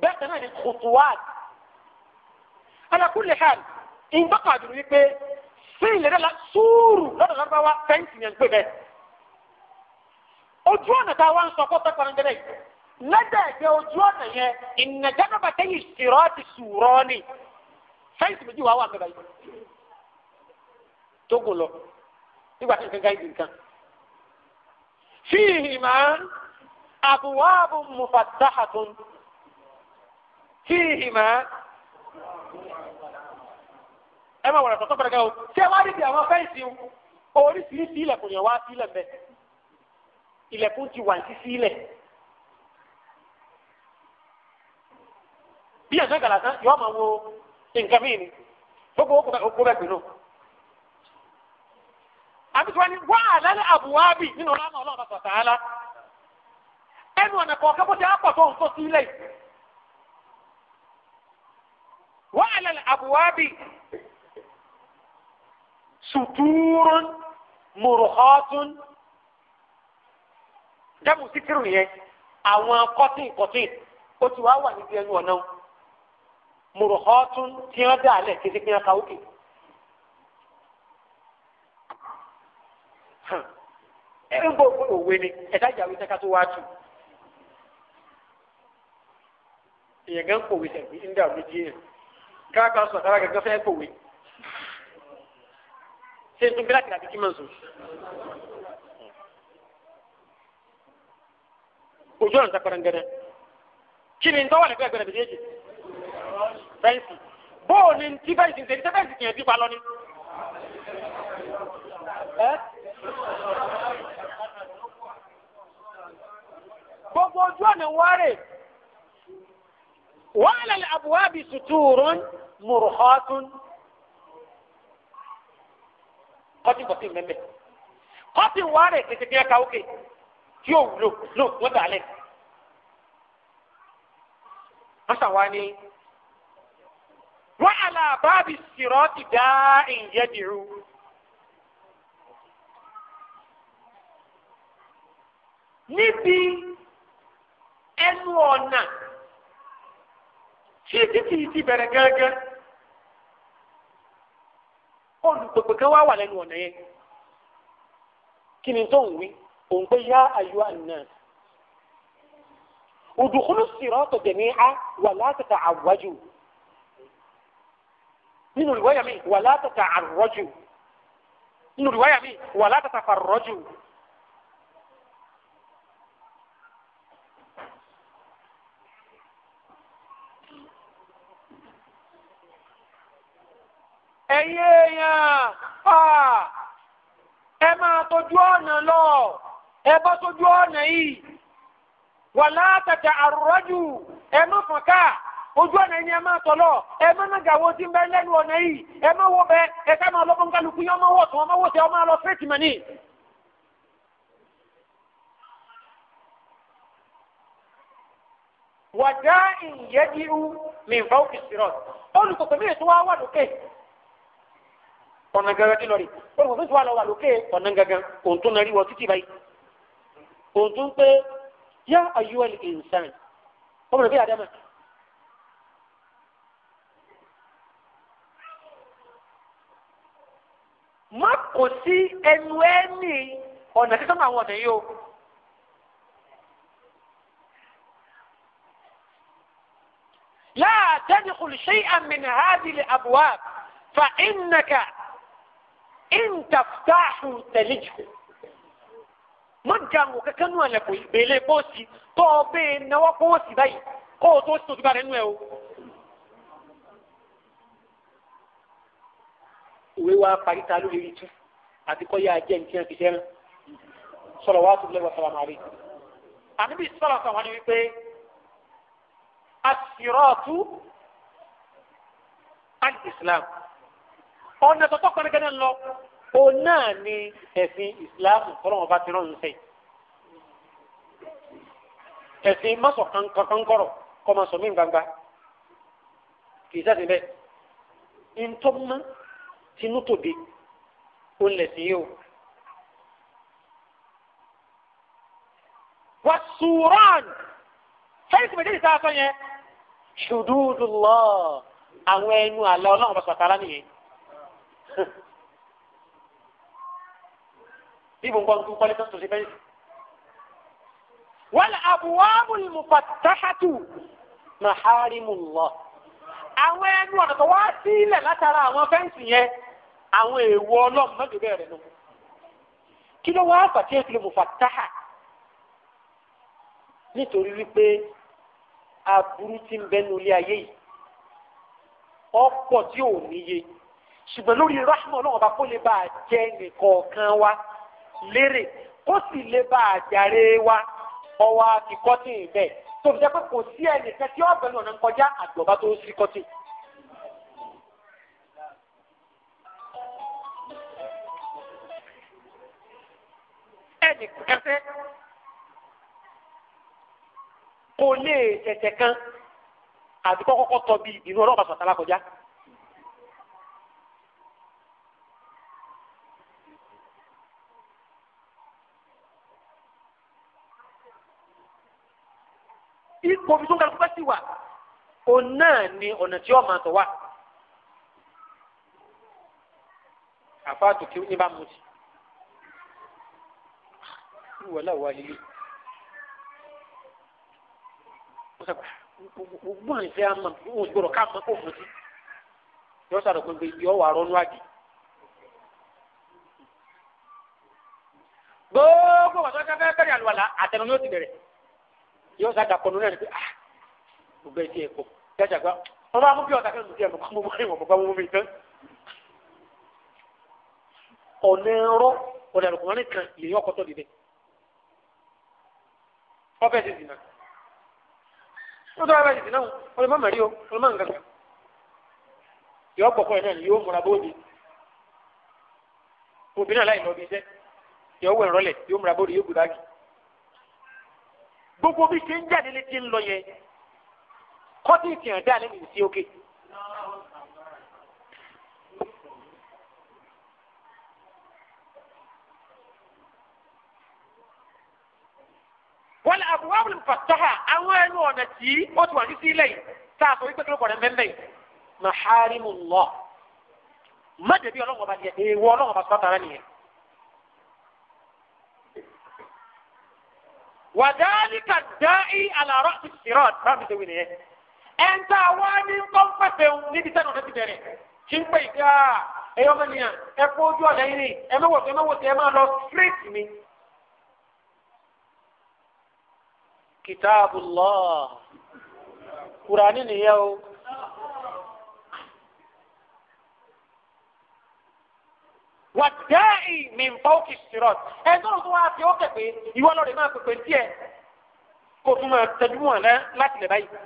bẹ́ẹ̀ tẹ́lẹ̀ ní kùtùwàd ala kulli hal ìgbàkọ̀ àdúró wípé sí ìlera la sùúrù lọ́dọ̀ lọ́dọ̀wá fẹ́ǹsì yẹn pé bẹ́ẹ̀ ojú ọ̀nà tá a wá ń sọ kọ́tọ́ kọ́ńdẹ́rẹ́ lẹ́dẹ̀ ẹ̀gbẹ́ ojú ọ̀nà yẹn ìnàjẹ́nàbà tẹ́yìn ìṣirọ́ ti sùúrọ́ ni fẹ́ǹsì méjì wà wà bẹ́ẹ̀ báyìí tó lọ nígbà tí nǹkan gáìdì nǹkan fíìhì máa àbùwá fíhìmá ẹ máa wọ̀rọ̀ tọ́tọ́ pẹ̀lẹ́gà o ṣé wàá dìde àwọn fẹ́ǹsì o oríṣiríṣi ilẹ̀kùn yẹn wá sílẹ̀ mẹ́ ilẹ̀kùn ti wà sí sílẹ̀ bí ẹ̀sán gàlà tán yọ máa wo nǹkan mìíní gbogbo okò bẹ́ẹ̀ pinnu. àbí tí wọ́n ní wá àlálẹ́ àbúwábì nínú ọlọ́run ọlọ́run ọ̀tọ̀ tààlà ẹnu ọ̀nà kọ̀ọ̀kan bó ti á pọ̀ tó ń tó sílẹ̀ yìí. وعلى الأبواب ستور مرخات dẹ́mu síkírù yẹn àwọn kọ́tìn kọ́tìn ó ti wá wà níbi ẹnu ọ̀nà mùrùkọ́tún tí wọ́n dà lẹ̀ òwe ni ẹ̀dá ìyàwó ìtẹ́ka tó wá tù. èèyàn gan kò wí káàkiri sọ̀rọ̀ kára gẹ́gẹ́ fẹ́ kòwé ṣé n tún bí láti àbíkí mọ̀ sùn. ojú ọ̀nà sàkọ̀rọ̀ ngẹ́dẹ́ kí ni ntọ́wọ́ lẹ́gbẹ̀ẹ́ gbẹ̀rẹ̀ méjèèjì fẹ́ǹsì bóò ni ti fẹ́ǹsì ṣe ti fẹ́ǹsì kìí ẹ̀ dípa lọ ni. gbogbo ojú ọ̀nà wọ́ọ̀rẹ̀ wọ́ọ̀lẹ̀ àbúwá bíi sùtúrún mùrùhọ́tún kọ́tì kọ́tì mẹ́mẹ́ kọ́tì wàrẹ̀ kẹ̀kẹ́ ká òkè tí yóò wúlò lò wọ́n dà lẹ̀. Mọ́sàwá ni wọ́n àlà báàbí sírọ́ ti dá ìyẹn dìrú. níbi ẹnu ọ̀nà tí títì ti bẹ̀rẹ̀ gángan olùpèpè kan wá wà lẹ́nu ọ̀nà yẹn kí ni tó ń wí òun pé yá ayọ̀ àná udkhulu sirata jami'a wala tata'awwaju nínú ìwáyà mi wala tata'arraju nínú ìwáyà mi wala tatafarraju. ẹ̀yin èèyàn ẹ máa tójú ọ̀nà lọ ẹ bọ́ tójú ọ̀nà yìí wà látàtà àrùrọ́jù ẹ má fọ̀n ká ojú ọ̀nà yìí ni ẹ máa tọ̀ lọ ẹ má nàgà wo tí ń bẹ lẹ́nu ọ̀nà yìí ẹ má wo bẹ ẹ ká máa lọ́gbọ́n kálukú yẹn ọmọ wọ̀ tán ọmọ wọ̀ tẹ ọmọ lọ fẹ́ẹ̀tì mọ̀ ní. wàdá ìyẹ́dìrú mìíràn fáwọn kìsìrọ̀ olùkọ́kọ́ mi ètò wa wà lókè. ọ̀nà gangan kí lọ rí olùkọ́ tó ti wà lọ́wọ́ àlòkè ọ̀nà gangan òun tó narí wọ títí báyìí òun tó ń pé yá ayúwẹ̀lì ìnsán ọmọ rẹ̀ bí adama má kò sí ẹnu ẹni ọ̀nà tí sọ́mọ àwọn ọ̀nà yìí o. لا تدخل شيئا من هذه الأبواب فإنك in taftahu talijhu mọ̀jàngò kankan nù ẹ̀lẹ́kùn ìgbélé bóòsì tó o bẹ́ẹ̀ náwó bóòsì báyìí kó o tó sọ̀tún bá rẹ̀ nù ẹ̀ o. ìwé wa parí ta ló lè rí tú àti kọ́ yá ajẹ́ nìkan fi sẹ́rán sọ̀rọ̀ wá tóbi lẹ́wọ̀ sọ̀rọ̀ màrí. àníbi sọ̀rọ̀ sọ̀rọ̀ ni wípé asirọ́ọ̀tù al ọ̀nà tọ́tọ́ kan gẹ́gẹ́ lọ òun náà ni ẹ̀sìn ìsìláàmù tọ́lọ́wọ́n bá ti rán ṣe ẹ̀sìn mọ́sọ̀ kankankọ̀rọ̀ kọ́ máa sọ mí gbangba kì í sáà síbẹ̀ ntọ́mọ́ tinú tòde òun lẹ̀sìn yìí o. wàsúrán fẹ́ẹ́sì méjèèjì tá sọ yẹn ṣùdúdùlọ́ àwọn ẹnu àlọ́ ọlọ́run bá sọ̀tara nìyẹn ibùn kan tún kọ́lé tó sí fẹ́ǹsì. wal abwabul mufattahatu maharimullah. àwọn ẹnu ọ̀nà tó wá sílẹ̀ látara àwọn fẹ́ǹsì yẹn àwọn èèwọ̀ ọlọ́run mọ́jú bẹ́ẹ̀ rẹ̀ nù. kí ló wá fàtí ètò mufattaha nítorí wípé aburú ti ń bẹ́nu ilé ayé yìí ọ̀pọ̀ tí ò níye ṣùgbọ́n lórí rahman náà ọba kó lè bá a jẹ nìkọ̀ọ̀kan wa lérè kó sì lè bá a jàre wa ọwọ́ àfikọ́tì bẹ́ẹ̀ tó fi jẹ́ pé kò sí ẹnìkan tí ọ̀bẹ náà ń kọjá àgbọ̀bá tó sí kọ́tì. ẹnì kẹfẹ́ kò lè tẹ̀tẹ̀ kan àti kọ́kọ́kọ́ tọ́ bí ìnú ọlọ́ọ̀bà sọ̀tà lákọjá. kóbi tó kálukú bá sì wà òun náà ni ọ̀nà tí ó máa tọ̀ wá. àfáàtò kí ní bá mu sí ìwọ láwa lílé gbogbo àìsí àmà òun gbọ́dọ̀ ká àmà kó mu sí yọ sàrò pé yọ wà rọnú àdì. gbogbo wàtí wọn fẹẹ bẹ̀rẹ̀ àlùwàlà àtẹnu ni ó ti bẹ̀rẹ̀ yóò sá dàpọ̀ nínú ẹ̀ pé ah gbogbo ẹ̀ tí ẹ̀ kọ́ dájà gbá wọ́n bá mú bí ọ̀tá kẹ́lẹ́ ẹ̀ mọ̀kọ́ mọ̀kọ́ ìwọ̀n mọ̀kọ́ mọ̀kọ́ ìtàn. ọ̀nà ẹ̀rọ ọ̀nà àlùkùnrin kan lèyìn ọkọ̀ tó dìde ọbẹ̀ ti dìnnà ó tó ọbẹ̀ ti dìnnà ọlọ́mọ mẹ́rin o ọlọ́mọ nǹkan kan yọ gbọ̀kọ́ ẹ̀ náà ni yóò múra bóde obìnrin aláìlọ́ọ̀bí iṣẹ́ yọ wọ ìrọ̀lẹ̀ yóò múra bóde yóò gbùdágì gbogbo bí ṣe ń jáde létí ń lọ yẹn kọ́tí ìtìyàn dá lẹ́nu na òkè. wọ́n lé àbúrò fàtọ́hà àwọn ẹnu ọ̀nà tí ó ti wà ní sílẹ̀ yìí tá a sọ wípé kí ló kọ̀ rẹ̀ mẹ́mẹ́ yìí maharimullah má dẹ̀bi ọlọ́run ọba yẹ èèwọ̀ ọlọ́run wàdálíkà dáì àlàrọ̀ ti sírọ̀ báwo ṣe wí nìyẹn. ẹ̀ńtà wá ní kọ́ńpẹ̀sẹ̀ níbi sẹ́nu ọ̀sẹ̀ ti bẹ̀rẹ̀ tí ń pè ká ah, ẹ̀yọ́ mẹ́niyàn ẹ kó ojú ọ̀dà yìí ni ẹ mẹ́wọ̀ sí ẹ mẹ́wọ̀ sí ẹ máa lọ straight mi. kìtàbùlọ́ọ̀ kùránì nìyẹn o. wàdáì mìǹfọ́ọ̀kì sírọ̀t ẹ̀dọ́ tó wá fi ó kẹ̀pẹ́ ìwọ lọ́ọ̀rẹ́ máa pèpè ní tiẹ̀ kó tún máa tẹjú wọn náà láti lè báyìí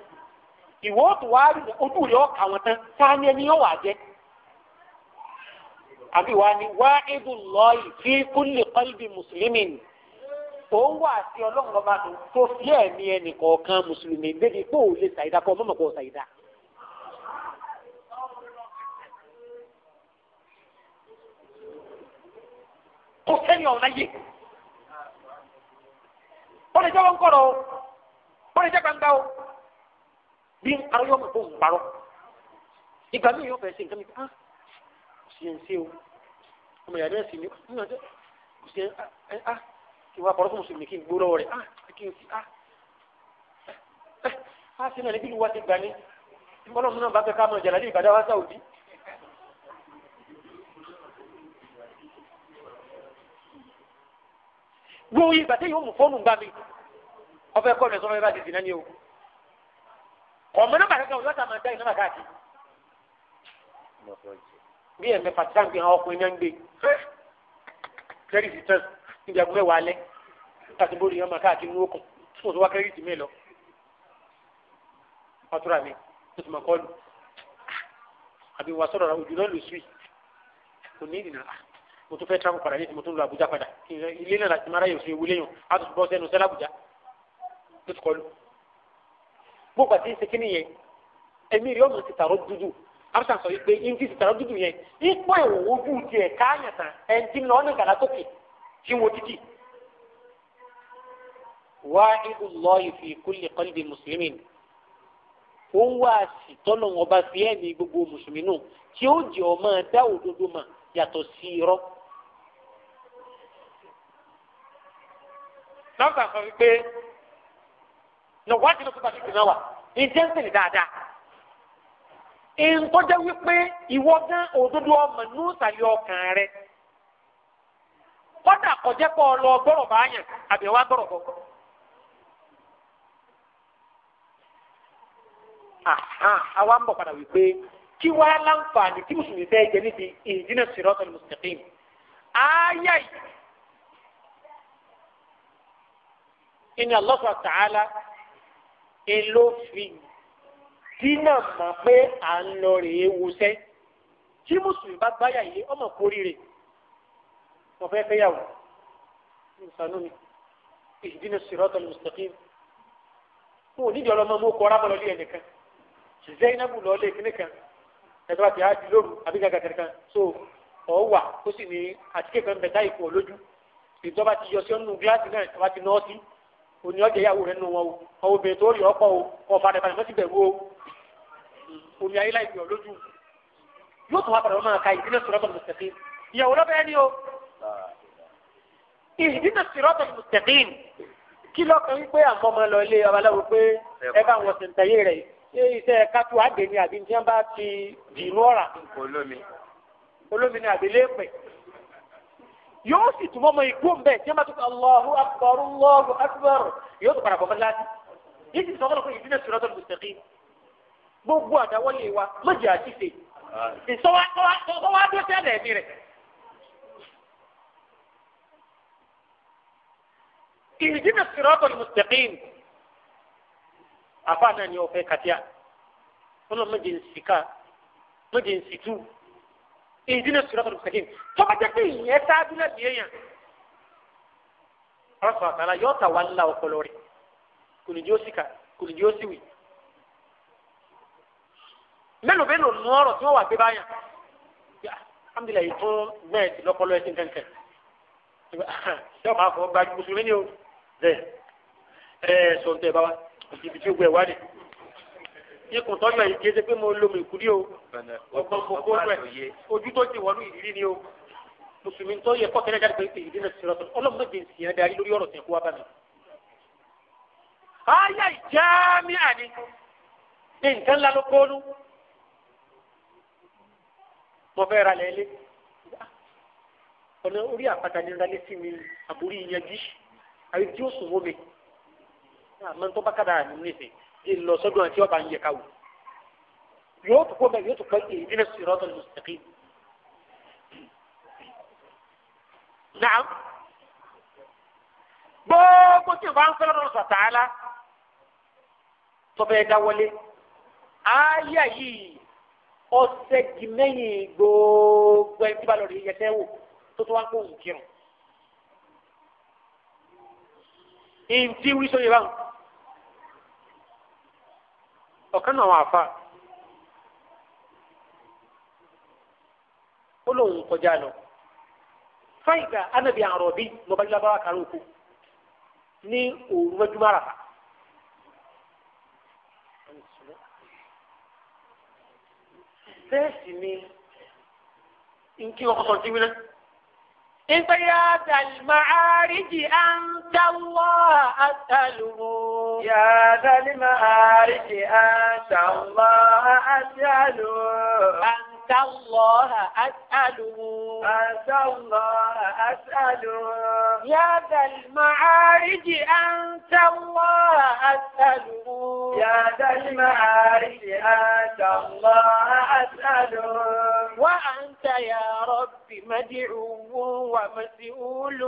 ìwọ tó wá rí ojú rẹ̀ ọ̀kà wọn tán sáni ẹni yóò wà jẹ́ àbí wàá ní wá ìdùn lọ́ọ̀yì fi kúlì kọ́lbì mùsùlùmí òun wà sí ọlọ́run ọba tó fi ẹ̀mí ẹnì kọ̀ọ̀kan mùsùlùmí débi pé òun lè ṣàìdá kọ́ mọ́mọ́ kò sẹ́ni ọ̀hún láyé ó lè jẹ́ wọn kọ́rọ̀ o ó lè jẹ́ gbangba o bí arọ yóò mọ̀ kó ń parọ́ ìgbà mi yóò fẹ́ ṣe nǹkan mi ah kò sí ẹ̀ ń ṣe o ọmọ ìyá rẹ̀ sì ni kò sí ẹ̀ ń ah, eh, ah kí wọ́n apọ̀rọ̀ fún mùsùlùmí kí n gbó rẹ̀ ah kí n fi ah eh, eh, ah sí náà níbi ìlú wa ti gbà ní ìmọ̀lọ́mù náà bá fẹ́ ká mọ̀ jàlá ní ìbàdàn wa sáwùdí. gbogbo ìgbà tí yóò mú fóònù gbà mí ọfẹ kọ lẹsọ ọmọ yẹn bá ti dì náà ni o ọmọ náà kàkẹ́ òun lọ́sàmà dá iná káàkiri bí ẹ̀mẹ́ pàtàkì gbé àwọn ọkùnrin náà ń gbé kẹ́rìsì tán níbi àgbo mẹ́wàá alẹ́ láti bóri yẹn máa káàkiri ní okùn tí mo tún wá kẹ́rìsì mi lọ ọtúrà mi tó ti mọ̀ kọ́ọ̀lù àbí wàá sọ̀rọ̀ ojú náà lù sí kò ní ìdìnnà mo tún fẹ́ travel padà ní ti mo tún lọ Abuja padà ilé náà láti mara yóò ṣe wílé yàn á tún bọ́ sẹ́nu sẹ́lá Abuja ló ti kọlu. bó pàṣẹ ṣe kí nìyẹn ẹ̀mí rí ọ̀nà ti tààrọ̀ dúdú amsa sọ pé ntí ti tààrọ̀ dúdú yẹn ipò ẹ̀wọ̀ ojú tiẹ̀ káàyàn tán ẹ̀ǹtí lọ ọ̀nà gàdá tókè tí wọ́n títì. wa'idu Allahi fi kulli qalbi muslimin ó ń wá àsìtọ́nà ọba fi ẹ̀mí gbogbo mùsùlùmí náà tí ó jẹ́ ọmọ dá òdodo mà yàtọ̀ sí irọ́ dókítà sọ wípé na wájú ló tó bàtí kìnnà wà ìjẹ́ ń tẹ̀lé dáadáa. je wípé ìwọ gán òdodo ọmọ ní ìsàlẹ̀ ọkàn rẹ kọ́dà kọjá pọ̀ lọ gbọ́rọ̀ báyẹn àbẹ̀wá gbọ́rọ̀ bọ̀. àwa ń bọ̀ padà wípé kí wá láǹfààní tí mùsùlùmí fẹ́ jẹ níbi inna Allah ta'ala èló fi dínà mọ̀ pé à ń lọ rèé wusẹ́ tí mùsùlùmí bá gbáyà yìí ọmọ kórìíre wọn fẹ́ fẹ́ yàwó ìsànú mi ihdina siratal mustaqim wọn ò ní ìjọ lọmọ mú kọ ọrámọ lọlé ẹnìkan Zainabu lọlé kìnìkan ẹgbẹ́ àti àti lóru àbí gàgà kìnìkan so ọ̀ wà ó sì ní àtikẹ́ kan bẹ̀ táyì lójú ìjọba ti yọ sí ọ́nù gíláàsì náà ìjọba ti nọ́ọ́ sí òní ọjà ìyàwó rẹ nù wọn o ọwọ obìnrin tó rí ọkọ o ọba rẹ balẹ̀ mọ́sí bẹ̀rù o omi ayé láì gbìyànjú lójú yóò tún wá padà wọn máa ka ìdínà sọ̀rọ̀tọ̀ mùsùlùmí ìyàwó lọ́bẹ̀ ni o ìdínà sọ̀rọ̀tọ̀ mùsùlùmí kí lọ́kàn wípé àmọ́ ọmọ lọ ilé ọbaláwo pé ẹ bá wọn sèǹtẹ̀yé rẹ̀ ṣé iṣẹ́ kátó àgbè ni àbí tí wọ́n bá ti dìínú ọ̀rà olómi ni àbí léèpẹ̀ yóò sì tún mọ́mọ́ ikú mbẹ́ tí wọ́n bá tún kọ́ Allahu akbar Allahu akbar yóò tún padà bọ́ mọ́láṣí yìí ti sọ́kọ́ lọ́kọ́ ìdílé sọ̀rọ̀ mustaqim gbogbo àdáwọ́lé wa méjì àṣìṣe ìsọwádó tẹ́lẹ̀ mi rẹ̀. ìdílé sọ̀rọ̀ mustaqim àfa náà ni ọ̀fẹ́ kàtíà ọlọ́mọdé ń sìkà mọ́dé ń sìtú ìdílé sùrọ̀ tó sẹ́kìm tó bá jẹ́ pé ìyẹn sáájú náà bìí yàn ọlọ́sọ̀ àtàlà yóò tà wá ńlá ọpọlọ rẹ̀ kò ní jí ó sì kà kò ní jí ó sì wì mélòó mélòó nu ọ̀rọ̀ tí wọ́n wà gbé báyà ah, alhamdulilayi fún gbẹ́ẹ̀tì lọ́pọlọ ẹ̀sìn kẹ̀kẹ́ yóò máa fọ gbajú mùsùlùmí ni o bẹ́ẹ̀ ẹ̀ sọ̀ntẹ̀ bá wa ikùn tó yọ ìdí ẹsẹ pé mo lo mi kúrí o ọgbọ́n gbogbo rẹ ojú tó ti wọnú ìrírí ni o mùsùlùmí tó yẹ kọ́kẹ́rẹ́ jáde pé ìdí náà ti rọ̀tọ̀ ọlọ́run méje ń sìn darí lórí ọ̀rọ̀ tẹ̀kọ́ wá mi. ayé ìjáàmì àní nǹkan ńlá ló kọ́ọ́lù mo fẹ́ ra lẹ́lẹ́ ọ̀nà orí àpáta ní ìdálé sí mi àbúrí ìyanjú àyè tí ó sùn wọ́n mi àmọ́ tó bá kàdà nínú ìsìn ìlọsọdún àti ọba ń yẹ káwọ yóò tó kó bẹ́ẹ̀ yóò tó pẹ́ ìdílé sirọ́tò mustaqim. Naam gbogbo tí o bá ń fẹ́ lọ́dọ̀ sàtàlá tọ́bẹ̀ ẹ̀dá ayé yìí ọ̀sẹ̀ gìmẹ́yìn gbogbo ẹni tí rí yẹtẹ́ wò tó tó wá ń kó òun kírun. Ìntí wí sóye báwọn ọ̀kan náà wọn àfa ó lóun kọjá lọ fáìgbà anabi àròbí mọ̀bálábáwá kàrókò ní òru mẹ́júmọ́ àràfà. bẹ́ẹ̀ sì ni nkí ọkọ̀ sọ̀tí wí náà. إذا يا ذا المعارج أنت الله أسأله يا ذا المعارج أنت الله أسأله أنت الله أسأله أنت الله أسأله يا ذا المعارج أنت الله أسأله يا ذا المعارف أنت الله أسأل وأنت يا رب مدعو ومسؤول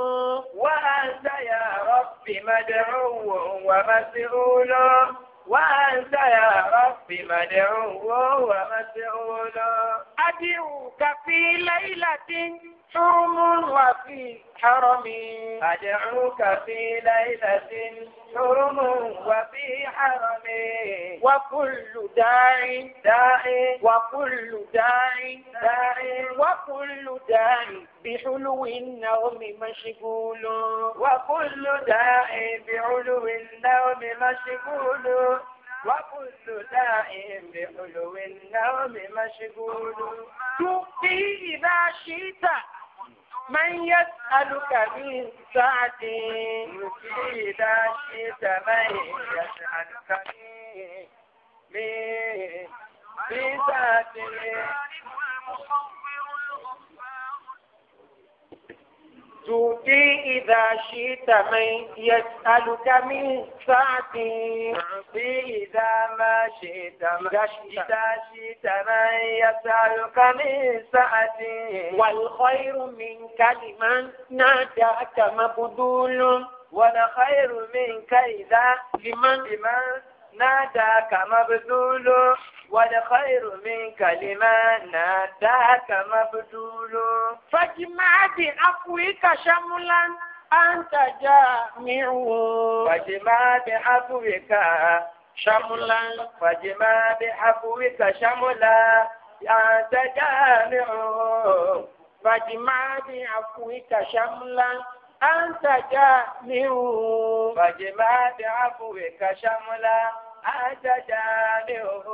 وأنت يا رب مدعو ومسؤول وأنت يا رب مدعو ومسؤول أدعوك في ليلة حرم وفي حرم أدعوك في ليلة حرم وفي حرم وكل داع داع وكل داع داع وكل داع بحلو النوم مشغول وكل داع بعلو النوم مشغول وكل دائم بحلو النوم مشغول تبقي إذا شئت من يسألك من سعتي تبقي إذا شئت من يسألك من سعتي تؤتي إذا شئت من يسألك من سعتي تعطي إذا ما شئت إذا شئت من يسألك من سعتي والخير منك لمن ناداك مبذول ولخير منك إذا لمن لمن ناداك مبذول والخير منك لما ناداك مبذول فاجمع بعفوك شملا أنت جامع فاجمع بعفوك شملا فاجمع بعفوك شملا أنت جامع فاجمع بعفوك شملا أنت جامع فاجمع بعفوك شملا أجدانه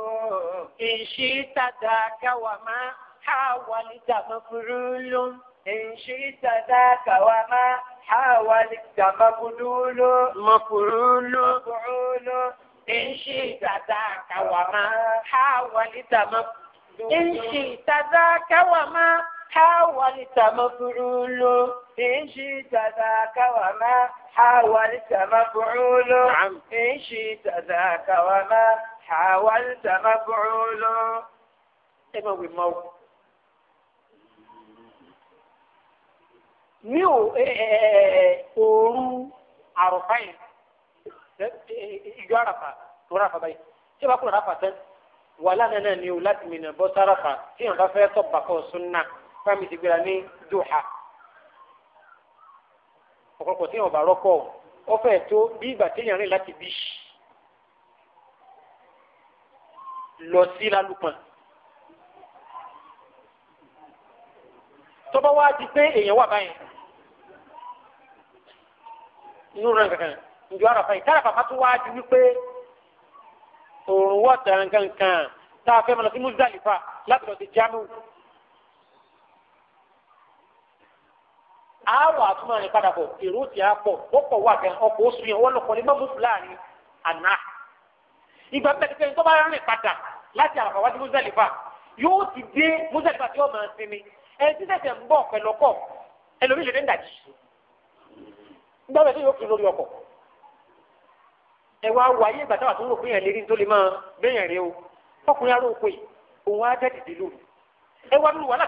إن شئت ذاك وما حاولت مفعول إن شئت ذاك وما حاولت مفعول مفعول مفعول إن شئت ذاك وما حاولت مفعول إن شئت ذاك وما حاولت مفعول إن شئت ذاك وما حاولت مفعول نعم. إن شئت ذاك وما حاولت مفعول إما ومو ní òru àrùfá yẹn ìjọ àràfà tó ràfà báyìí tí wàá kúrò ràfà tán wàhálà náà náà ni o láti mìíràn bọ́ sáràfà tí yàrá fẹ́ tọ́ bàkọ́ sunna fáwọn mi ti gbéra ní duha ọ̀pọ̀lọpọ̀ tí yàn bá rọ́kọ̀ ọ fẹ́ tó bí ìgbà téèyàn rìn láti bí lọ sí lálùpọ̀n. tọ́ba wá di pé èèyàn wà báyìí inú rẹ̀ kankan ìjọ àràfà yìí tààràfà bá tún wá di wípé òòrùn wọ̀ tẹ̀rẹ̀ kankan tá a fẹ́ mọ̀ lọ sí Muzdalifa láti lọ sí Jamiu. àwọn àtúmọ̀ rẹ̀ padà bọ̀ èrò tí a pọ̀ ọkọ̀ wà gan ọkọ̀ oṣù yẹn wọ́n lọ́kọ̀ ní mọ́mú fúlàní àná. ìgbà bẹ́ẹ̀ pé tó bá rìn padà láti àràfà wájú muzalifa yóò ti dé muzalifa tí ó máa ń sinmi ẹni tí sẹ̀sẹ̀ ń bọ̀ pẹ̀lú ọkọ̀ ẹlòmí lè dé ńdàjì. gbọ́dọ̀ tó yóò kí lórí ọkọ̀. ẹ wá wá ayé ìgbà táwa tó ń rò pé yẹn lérí tó lè máa bẹ́yẹn rè o ọkùnrin aróko yìí òun á jẹ́ dìde lóru ẹ wá lóru wàhálà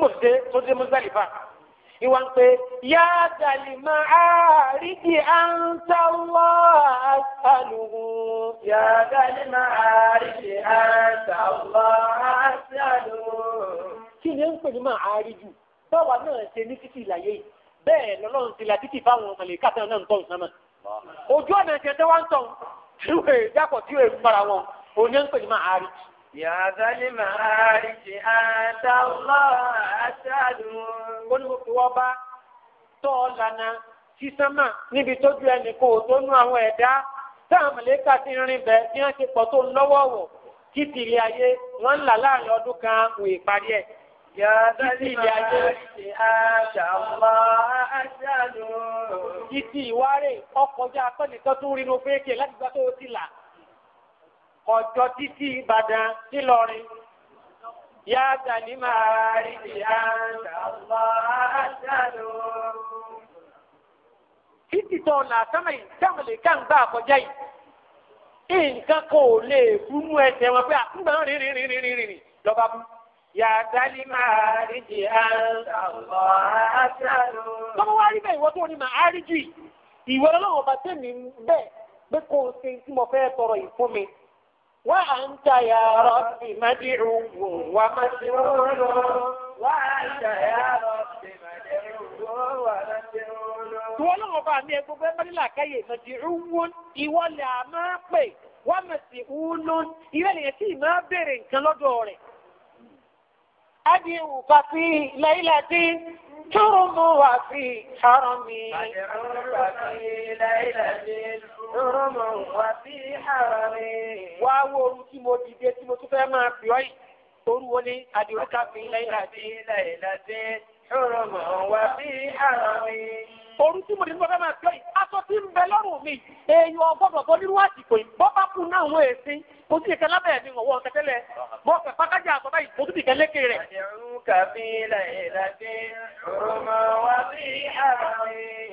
mọ̀tẹ́ tó dé mọ́sálífà ìwà ń pé yá dàlímà àrídì àǹtàwọ̀ àṣàlùwò. yá dàlímà àrídì àǹtàwọ̀ àṣàlùwò. kí ni ń pè ní máa àrídù báwa náà ṣe ní títì ìlàyé yìí bẹ́ẹ̀ lọ́lọ́run ti la títì fáwọn màlẹ́kà tán náà ń tọ́ ìsánmà. ojú ọ̀nà ìṣẹ̀ntẹ́ wá ń tọ̀ ń ṣùgbọ́n ìjápọ̀ tí ó ń para wọn òun ni ń pè ní máa àrídù. يا ذا المعارف أنت الله أسأل قل مطوبة tọ́ọ̀lànà sí sánmà níbi tójú ẹnì kò tó nú àwọn ẹ̀dá táwọn mọ̀lẹ́kà ti rìn bẹ́ẹ̀ tí wọ́n ti pọ̀ tó ń lọ́wọ́ wọ̀ kí tìrì ayé wọ́n ń là láàrin ọdún kan wò ìparí ẹ̀. Títí ilé ayé títí ìwárè kọjọ títí ìbàdàn sílọrin. يا كلمة títí tó ọ̀nà àtàmì káńgbà àkọjá yìí nǹkan kò lè fúnú ẹsẹ̀ wọn pé àtúgbà ń rìn rìn rìn rìn rìn lọ́ba bú. yàtàlí máa rí jì àǹtàwọ̀ àṣàlù. tọ́mọ wá rí bẹ́ẹ̀ ìwọ tó ní máa rí jì ìwọ lọ́wọ́ tọrọ وأنت يا رب مدعو ومسرور وأنت يا رب مدعو ومسرور تولوا بامي أبو بامي لا كي مدعو إيوالا ما بي ومسرور إيوالا يتي ما بيرن كالودوري أدعو ففي ليلة ترم وفي حرمي في ليلة ترم وفي حرمي واو orúkí mo dìde tí mo tún fẹ́ máa pè ọ́ yìí orú wo ni àdìrúkà fi lẹ́yìn òru tí mo lè gbọ́dọ̀ máa gbọ́ yìí aṣọ tí ń bẹ lọ́rùn mi èèyàn gbọ́dọ̀ bọ́ nínú àsìkò yìí bọ́ bá kú náà wọ́n èsì kò sí ìkẹ́ lábẹ́ mi wọ̀wọ́ kẹtẹ́lẹ̀ bọ́ fẹ́ pákájà àṣọ báyìí kò sí ìkẹ́ lékè rẹ̀.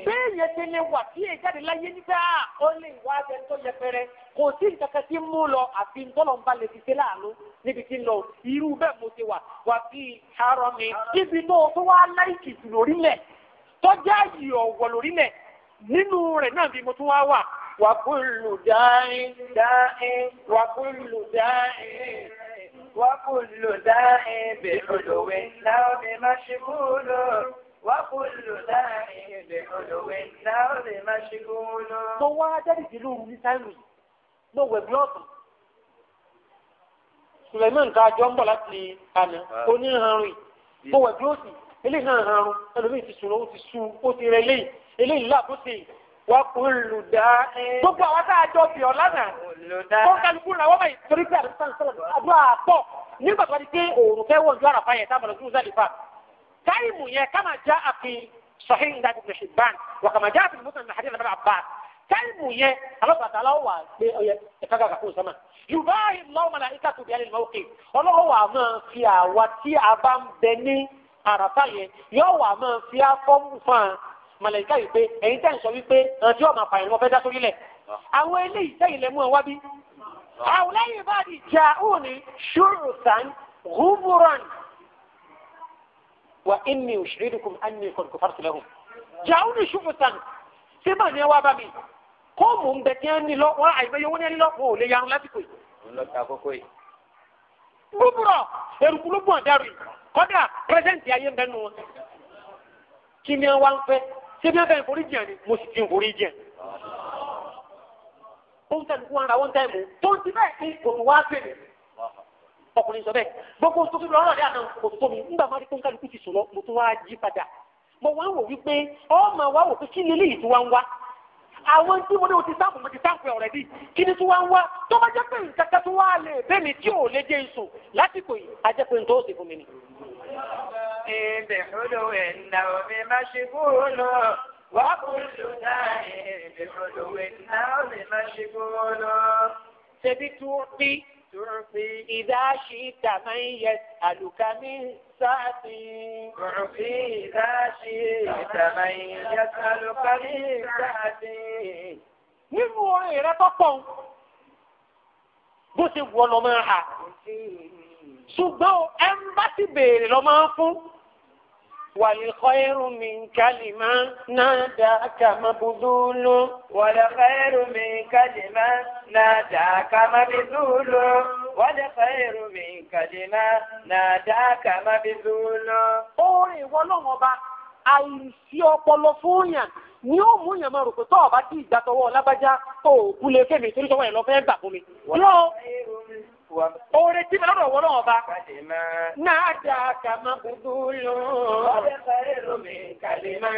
béèyẹ ti lè wà tí èyí jáde láyé nígbà ó lè wá abẹ tó yẹpẹrẹ kò sí ìkẹ́kẹ́ tí ń mú lọ àfi ńtọ́lọ́mbà lè fi ṣe láàánú níbi tí ń lọ irú bẹ́ẹ̀ mo ti wà wà bíi àárọ̀ mi níbi náà tó wá láìkì lórílẹ̀ tọ́jà yìí ọ̀wọ̀ lórílẹ̀ nínú rẹ̀ náà bí mo tún wá wà. wàkúlù dáín dáín wàkúlù dáín wàkúlù dáín bèrèlòwé náà bí má ṣe kúrò. Wàkúlù dáín bèrèlòwé náà bí má ṣe kúrò. Tó wá dẹ́rìndì lóru ní táìmù yìí ló wẹ̀ bí ọ̀sán. Sùlẹ̀mí nǹkan àjọ ń bọ̀ láti àná ah. onírànrìn tó wẹ̀ bí ó eléyìí hàn hàn ẹlòmíì ti sùn ó ti sùn ó ti rẹ léyìí eléyìí làbó ṣe wà kó lùdá gbogbo àwọn tá a jọ bì ọ lánàá kó kálukú làwọn bá yìí torí pé àdúrà sọ̀rọ̀ àdúrà pọ̀ nígbà tó a di pé òòrùn fẹ́ wọ̀ ju àràfà yẹn táwọn ọ̀dọ́ sọ̀rọ̀ fà táìmù yẹn kàmá já àfi sọ̀hìn ìdá ibn Hibban wà kàmá já àfi mọ́tàn ní àdéhùn àbá àbá táìmù yẹn alábàtà aláwọ̀ wà pé ọyẹ ẹ̀ka sọ́mà yorùbá àràfà yẹn yóò wà máa fi afọ́mù fún màlẹ́kà yìí pé ẹ̀yin tẹ̀ ń sọ wípé ọjọ́ ọ̀mà pààyàn wọn fẹ́ dá sórí lẹ̀ àwọn eléyìí tẹ̀yìn lẹ́mú ẹ̀ wá bí. àwọn lẹ́yìn bá di jà òní ṣùrùsàn rúmùrán wà inni òṣèrèdùkùn ànni ìkọ̀dùkù fàtìlẹ́hùn. jà òní ṣùrùsàn tí màá ní ẹ wá bá mi kóòmù ń bẹ̀ kí wọ́n ní lọ wọ́n àìmọye owó ní ẹ ní lọ wọn ò lè yarun lásìkò yìí búburọ̀ eruku ló bùn àdàrú yìí kọ́dà pẹ́sẹ́ǹtì ayé ń bẹ́ẹ̀ nù wọn. kí ni wọ́n ń fẹ́ ṣé bí wọ́n fẹ́ ìforí jẹ́ ni mo sì ti ìforí jẹ́. ó ń tẹnu kú wọn ra wọn tẹ́ mu tó ń ti bẹ́ẹ̀ ní òun wá pè mí. ọkùnrin sọ bẹ́ẹ̀ gbogbo tó fi lọ́rọ̀ rẹ̀ àná kò tó mi nígbà máa rí pé kálukú ti sùn lọ mo tún wá yí padà mo wá wò wípé ọ́ máa wá wò pé kí ni eléyìí àwọn tí mo ní o ti sáàpù mo ti sáàpù ẹ̀ ọ̀rẹ́dì kí ni tí wọ́n ń wá tó bá jẹ́ pé nǹkan kan tó wá lè bẹ́ẹ̀ tí ò lè jẹ́ èso lásìkò yìí a pé n tó ṣe fún mi ni. ibẹ̀ olú ẹ̀ nà omi máa ṣe kúrò lọ wà á kó lù náà ibẹ̀ olú ẹ̀ nà omi máa ṣe kúrò lọ. ṣebí tún fi ìdá ṣì tàmáyé àlùkàmí. سعتي تعفي إذا شئت من يسألك من سعتي nínú orin rẹ tó pọ̀ bó ṣe wọ lọ máa hà ṣùgbọ́n ẹ ń bá ti béèrè lọ máa fún والخير من كلمة ناداك مبذول والخير من كلمة ناداك مبذول wọ́dẹ fẹ́ẹ́rù mi kàdínà ada kàmá bí zúlọ. ó rìn ìwọ lọ́wọ́ bá àìsí ọpọlọ fún yàn ni ó mú yàn máa rò pé tọ́ọ̀ kí ìgbà tọwọ́ lágbájá tó kú lè kémi torí tọwọ́ Oore tí mi lọ́dọ̀ wọ́n náà bá. Náà dà kàmá dúdú lò. Ọbẹ̀ sáré romi kàlímà.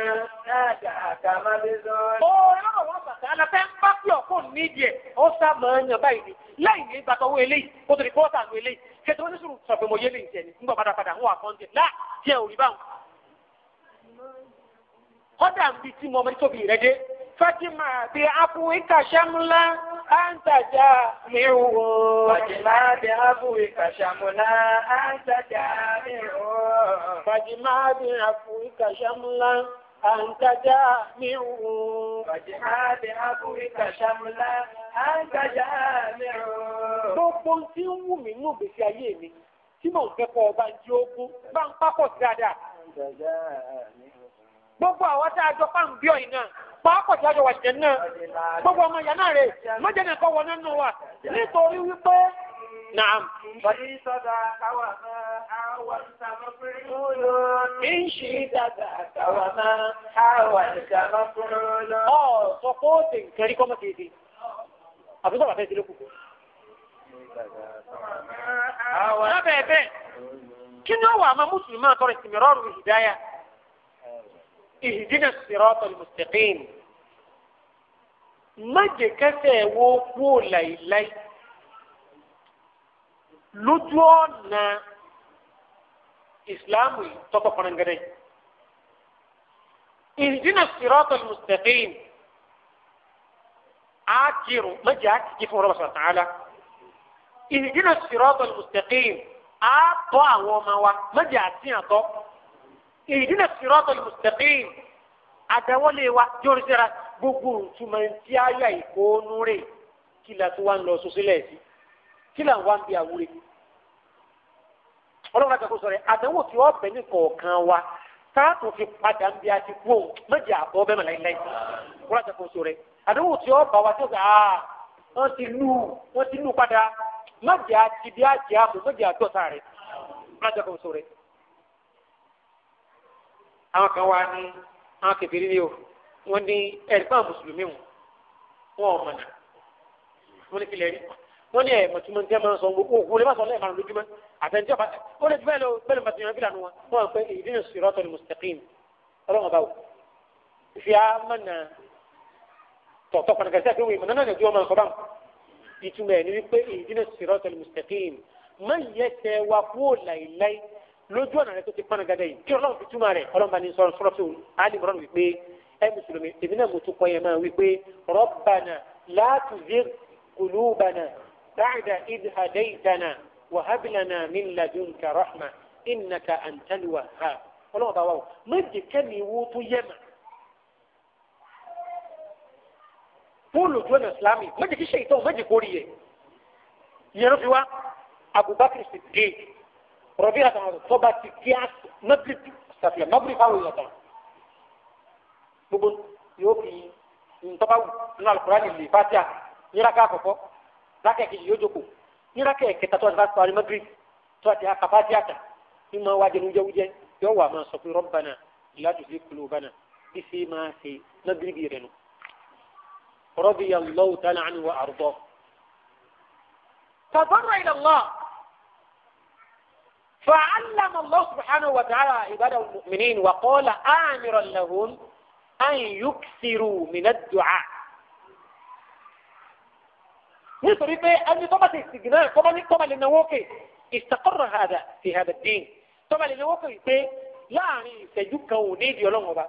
Náà dà kàmá dúdú lò. Oore lọ́dọ̀ wọ́n bàtà aláfẹ́ ń bá sí ọ̀kọ́ nídìí ẹ̀. Ó sá máa ń yan báyìí ni. Láì ní bàtà owó eléyìí, kó tó di kọ́ọ̀tà àwọn eléyìí. Kẹ̀tọ́ ní sùn sọ pé mo yé lè jẹ ni. Ngbọ̀ padà padà ń wà fọ́ńtẹ̀. Láà tiẹ̀ ò rí báwọn. Kọ́dà ń bi tí mo ọmọdé tóbi rẹ dé. Fátímà bí Apu ìkàṣẹ́ ńlá. أنت جامع فاجمع بعفوك شملا أنت جامع فاجمع بعفوك شملا أنت جامع فاجمع بعفوك شملا أنت جامع gbogbo tí ń wù mí nù gbèsè ayé mi tí mò ń fẹ́ kọ́ ọba jí ogún bá ń pápọ̀ sí dáadáa. gbogbo àwọn tá a jọ fáwọn bíọ̀ yìí náà pàápàá tí a jọ wà jẹ náà gbogbo ọmọ ìyá náà rè mọ́jẹ́ nìkan wọ nínú wa nítorí wípé naam. Bàdí sọ́dà káwà na àwọ̀ ìsàmọ́kùnrin lọ. Bí ń ṣe dàgbà káwà máa àwọ̀ ìsàmọ́kùnrin lọ. sọ ti kí ni ó wà máa mùsùlùmí ìdínà sírọ́tò mùsùlùmí má jẹ́ kẹsẹ̀ wo kú láìláì lójú ọ̀nà ìsìláàmù tọ́tọ̀ kọ́nàgẹ́dẹ́ ìdínà sírọ́tò mùsùlùmí ákìrù má jẹ́ ákìkí fún ọlọ́wọ́ sọ̀rọ̀ tààlà ìdínà sírọ́tò mùsùlùmí á tọ́ àwọn ọmọ wa má jẹ́ àtìyàn tọ́ èdínà sírọ́tò mùsùlùmí àdáwọlé wa jórí síra gbogbo ìtumọ̀ ntí ayọ̀ ìkónú rè kí la tó wá ń lọ sọsílẹ̀ sí kí la wá ń bi àwúre. ọlọ́run àti àkóso rẹ̀ àdánwò tí wọ́n bẹ̀ ní kọ̀ọ̀kan wa táàtò fi padà ń bi àti kú òun méjì àbọ̀ bẹ́ẹ̀ mọ̀ láíláí ọlọ́run àti àkóso rẹ̀ àdánwò tí wọ́n wa tó gbà á wọ́n ti lù wọ́n ti lù padà méjì àti bí àjẹ́ àbò méjì àtọ́ta rẹ̀ ọlọ́run àti àkóso rẹ̀ àwọn kan wá ní àwọn kẹfìrí ni o wọ́n ní ẹ̀ríkọ́ àwọn mùsùlùmí wọn wọn ò mọ̀nà wọ́n ní kílẹ̀ rí wọ́n ní ẹ̀mọ̀ tí mo ń tẹ́ máa ń sọ gbogbo òkú lè má sọ lẹ́ẹ̀mọ̀ lójúmọ́ àtẹ̀jọ́ bá ó lè bẹ́ẹ̀ lọ bẹ́ẹ̀ lọ bàtìyàn fìlànà wọn wọn pé ìdí ni siratal mustaqim ọlọ́run bá wò fi á tọ̀tọ̀ pàtàkì sẹ́ẹ̀ pé wọ́n náà lè lójú ọ̀nà rẹ tó ti pọ́nà gàdá yìí kí ọlọ́run fi túmọ̀ rẹ̀ ọlọ́run bá ní sọ̀rọ̀ sọ̀rọ̀ fún Ali Imran wípé ẹ mùsùlùmí èmi náà mo tún kọ́ yẹn máa wípé Rabbana la tuzigh qulubana ba'da idh hadaytana wa hab lana min ladunka rahma innaka ọlọ́run bá wà o méjì kẹ́mi wo tó yẹ mà fóònù tó ẹ̀nà ìsìlámì méjì kí ṣe ìtọ́ méjì kórìí yẹ rọ̀bì àtàwọn tọ́ba ti kí á nọ́bìrì sàfihàn nọ́bìrì fáwọn èèyàn tán gbogbo yóò fi ntọ́ba nínú alukurani lè fàtíà níraka àkọ́kọ́ lákẹ́kẹ́ yìí yóò jókòó níraka ẹ̀kẹta tó a ti fa sọ̀rọ̀ nọ́bìrì tó a ti ha kàfàtíà tán mímọ wájú ní wújẹwújẹ yóò wà máa sọ pé rọ́bànà ìlàdùsí kulùbánà bí sí máa ṣe nọ́bìrì bì rẹ̀ nù rọ́bì yà lọ́wọ́ tánà ànú wa àrùbọ́. tàbọ̀rọ̀ ilẹ̀ lọ́wọ́. فعلم الله سبحانه وتعالى عباده المؤمنين وقال آمرا لهم أن يكثروا من الدعاء nítorí pé ẹni tó bá ti sìgìnà tó bá ní tó bá lè náwó kè ìsàkọ́rọ̀ hàdà fi hàdà dín tó bá lè náwó kè pé láàrin ìṣẹ́jú kan ò ní ìdí ọlọ́run ọba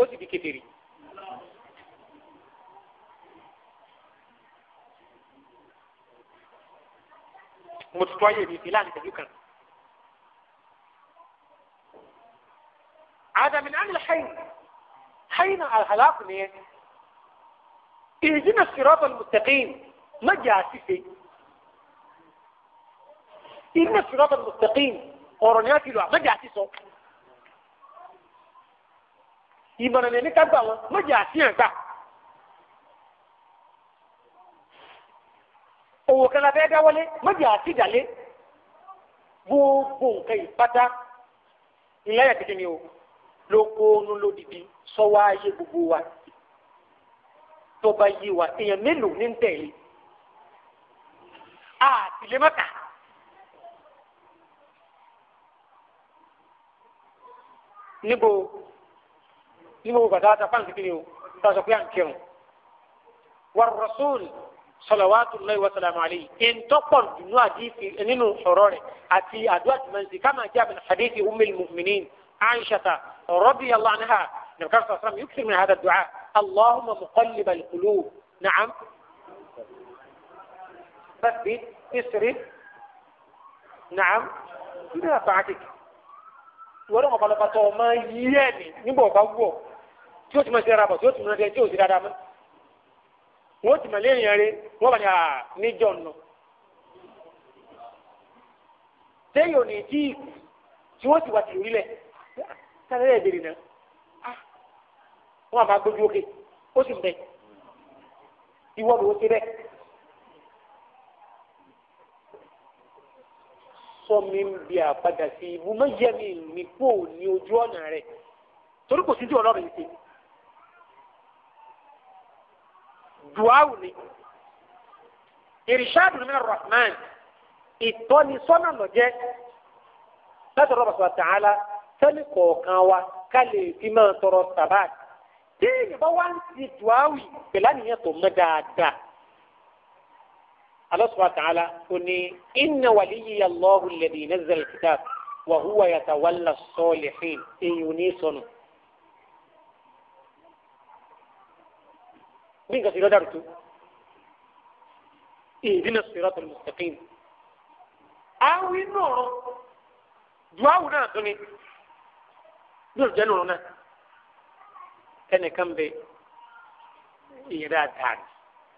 ó sì di kékeré mo ti tọ́ ayé هذا من عمل حين حين الهلاك نيه اهدنا الصراط المستقيم ما جاسسي اهدنا الصراط المستقيم قرنياتي لو ما جاسسو يبقى انا نتابع ما owó kan lábẹ́ dáwọ́lé méjì àti ìdálé gbogbo nǹkan ìpátá ìlànà kékeré ni o ló kó onú lódìdí sọ́wọ́ ayé gbogbo wa tó bá yé wa èèyàn mélòó ní tẹ̀lé àtìlémọ́ta. níbo níbo bàtà àtàkùn kékeré o tá a sọ pé à ń kírun wàrúrọ̀ sóòlù salawatullahi wa salamu alayhi ntọkpọn dunu adiifi nínú ọ̀rọ̀ rẹ̀ àti àdúà tumansi kama jaa min hadithi umil mu'minin aishata radiyallahu anha nabi kan sọsọ mi yukiri min hada du'a allahumma muqalliba alqulub na'am ثبت اصرف نعم إلى طاعتك wọ́n ọ̀pọ̀lọpọ̀ tó ọmọ yíyẹ́ ni nígbà ọ̀bá wọ̀ tí ó ti máa ṣe ara bọ̀ tí ó ti máa ṣe tí ó ti dáadáa mọ́ wọ́n ti mọ̀lẹ́ èèyàn rẹ wọ́n bá ní à níjọ́ nù. téèyàn ò ní tí ìkù tí wọ́n ti wà tìrú lẹ̀ sáré ẹ̀ bèrè náà wọ́n àbá gbójú òkè ó sì bẹ̀ ìwọ́n ló ti bẹ̀. sọ mi ń bi àpadà sí ibùmọ̀ yẹ mi mi kú òní ojú ọ̀nà rẹ̀ torí kò sí tí ọlọ́run ti. duawu ni irishadu min rahman ìtọ́nisọ́nà lọ́jẹ́ láti ọ̀rọ̀ bàtà tààlà sẹ́ni kọ̀ọ̀kan wa ká lè fi máa tọrọ sàbáà tí ìbá wá ń ti duawu pẹ̀lú àníyàn tó mọ́ dáadáa. Allah subhanahu wa ta'ala ó ní inna waliyya Allahu alladhi nazzala al-kitab wa huwa yatawalla as-salihin èyí ò ní sọnù. من قصيدة دارتو اهدنا الصراط المستقيم أو النور دعاو ناقني نور جنونا كان كم بي إيراد هاد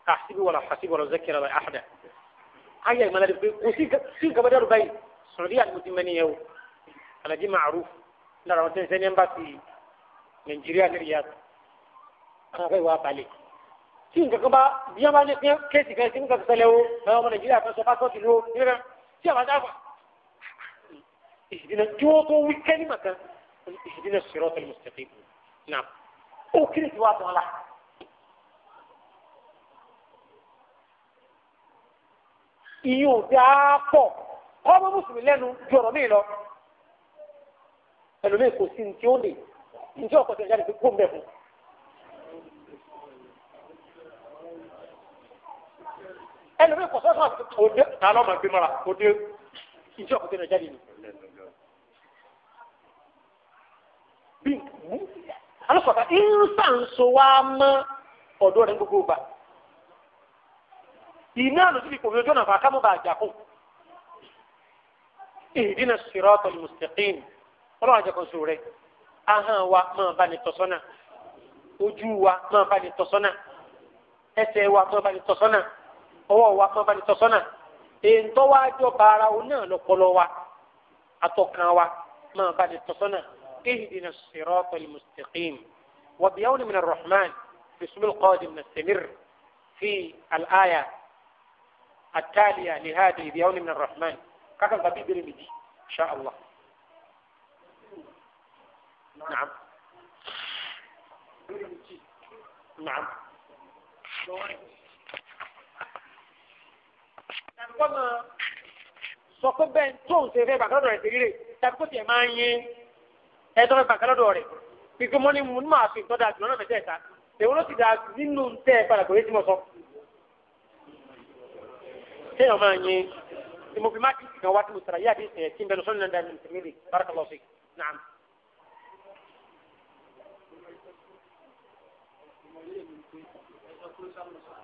أحسب ولا حسب ولا ذكر ولا أحدا هيا ما نعرف وسيك سيك بدر بي المسلمين يو أنا دي معروف لا رمضان زين باتي نيجيريا الرياض أنا غير واقع عليك tí nǹkan kan bá bí wọ́n bá ní pé kéèsì kan sí nǹkan ṣẹlẹ̀ o àwọn ọmọ nàìjíríà kan sọ pásítọ̀tì ló nígbà tí àwọn adáfà ìṣìdínà tí wọ́n tó wí kẹ́lí màkà ìṣìdínà sọ̀rọ̀ tẹ̀lé mùsùlùmí náà ó kéré tí wàá tán la. ìyẹn ò dáa ọmọ mùsùlùmí lẹ́nu ju ọ̀rọ̀ míì lọ ẹlòmíì kò sí ní tí ó lè ní tí ọkọ̀ tẹ̀lé jáde pé kó ń ẹlòmíì kò sọ́sọ́ òde ta lọ́ọ́ máa gbé mọ́ra òde ìjọ kò tẹ̀lé jáde ni. bí mú alùpàtà ìrúsàǹso wa mọ́ ọ̀dọ́ rẹ̀ gbogbo gbà iná lòdì fi kòmí ojú ọ̀nà fà kámọ́ bá a jà kù. ìdínà sirata ọlọ́run àjẹkọ̀ sùn rẹ̀ ahọ́n wa máa bá ní tọ́sọ́nà ojú wa máa bá ní tọ́sọ́nà ẹsẹ̀ wa máa bá ní tọ́sọ́nà. ọwọ́ wa kan fani ní tọ́sọ́nà èntọ́ wa jọ baara o náà lọ́pọ̀lọ́ wa atọ́kan wa máa bá ní tọ́sọ́nà ihdina sirata almustaqim wa biyawni min arrahman kọ́ọ̀dì mina sẹ́mir fi alaya bí yàwó ni mina rahman kakan ka بابي mi di شاء allah. نعم نعم kọ́ máa sọ pé bẹ́ẹ̀ tó ń ṣe fẹ́ bàkálọ́dọ̀ rẹ̀ ṣèlérí tàbí kó tiẹ̀ máa ń yín ẹ̀dọ́ fẹ́ bàkálọ́dọ̀ rẹ̀ kíkọ́ mọ́ ni mo máa fi ìtọ́jà jùlọ náà mẹ́tẹ̀ẹ̀ta èwo ló ti dà nínú tẹ́ ẹ padà kò yé tí mo sọ. kéèyàn máa yín tí mo fi má kí kan wá tí mo sara yíyá bí ìsìn ẹ̀ tí ń bẹ lọ́sọ́nù Thank you.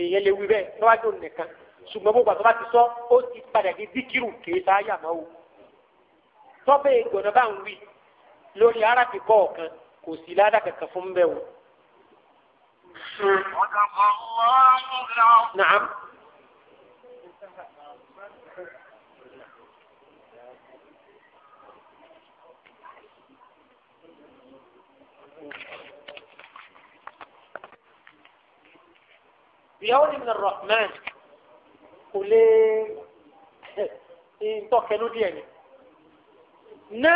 èèyàn lè wí bẹ́ẹ̀ níwájú nìkan ṣùgbọ́n gbogbo àtọ́ bá ti sọ ó ti padà di díkìrù kìí sá yàmọ́ o tọ́bẹ̀ ìgbọ̀nà bá ń wí lórí arábì kọ̀ọ̀kan kò sí ládàá kankan fún bẹ́ẹ̀ o. Naam. Thank you. bíyàwó ni mina rahman kò lè ntọ́kẹ́nu díẹ̀ ni ná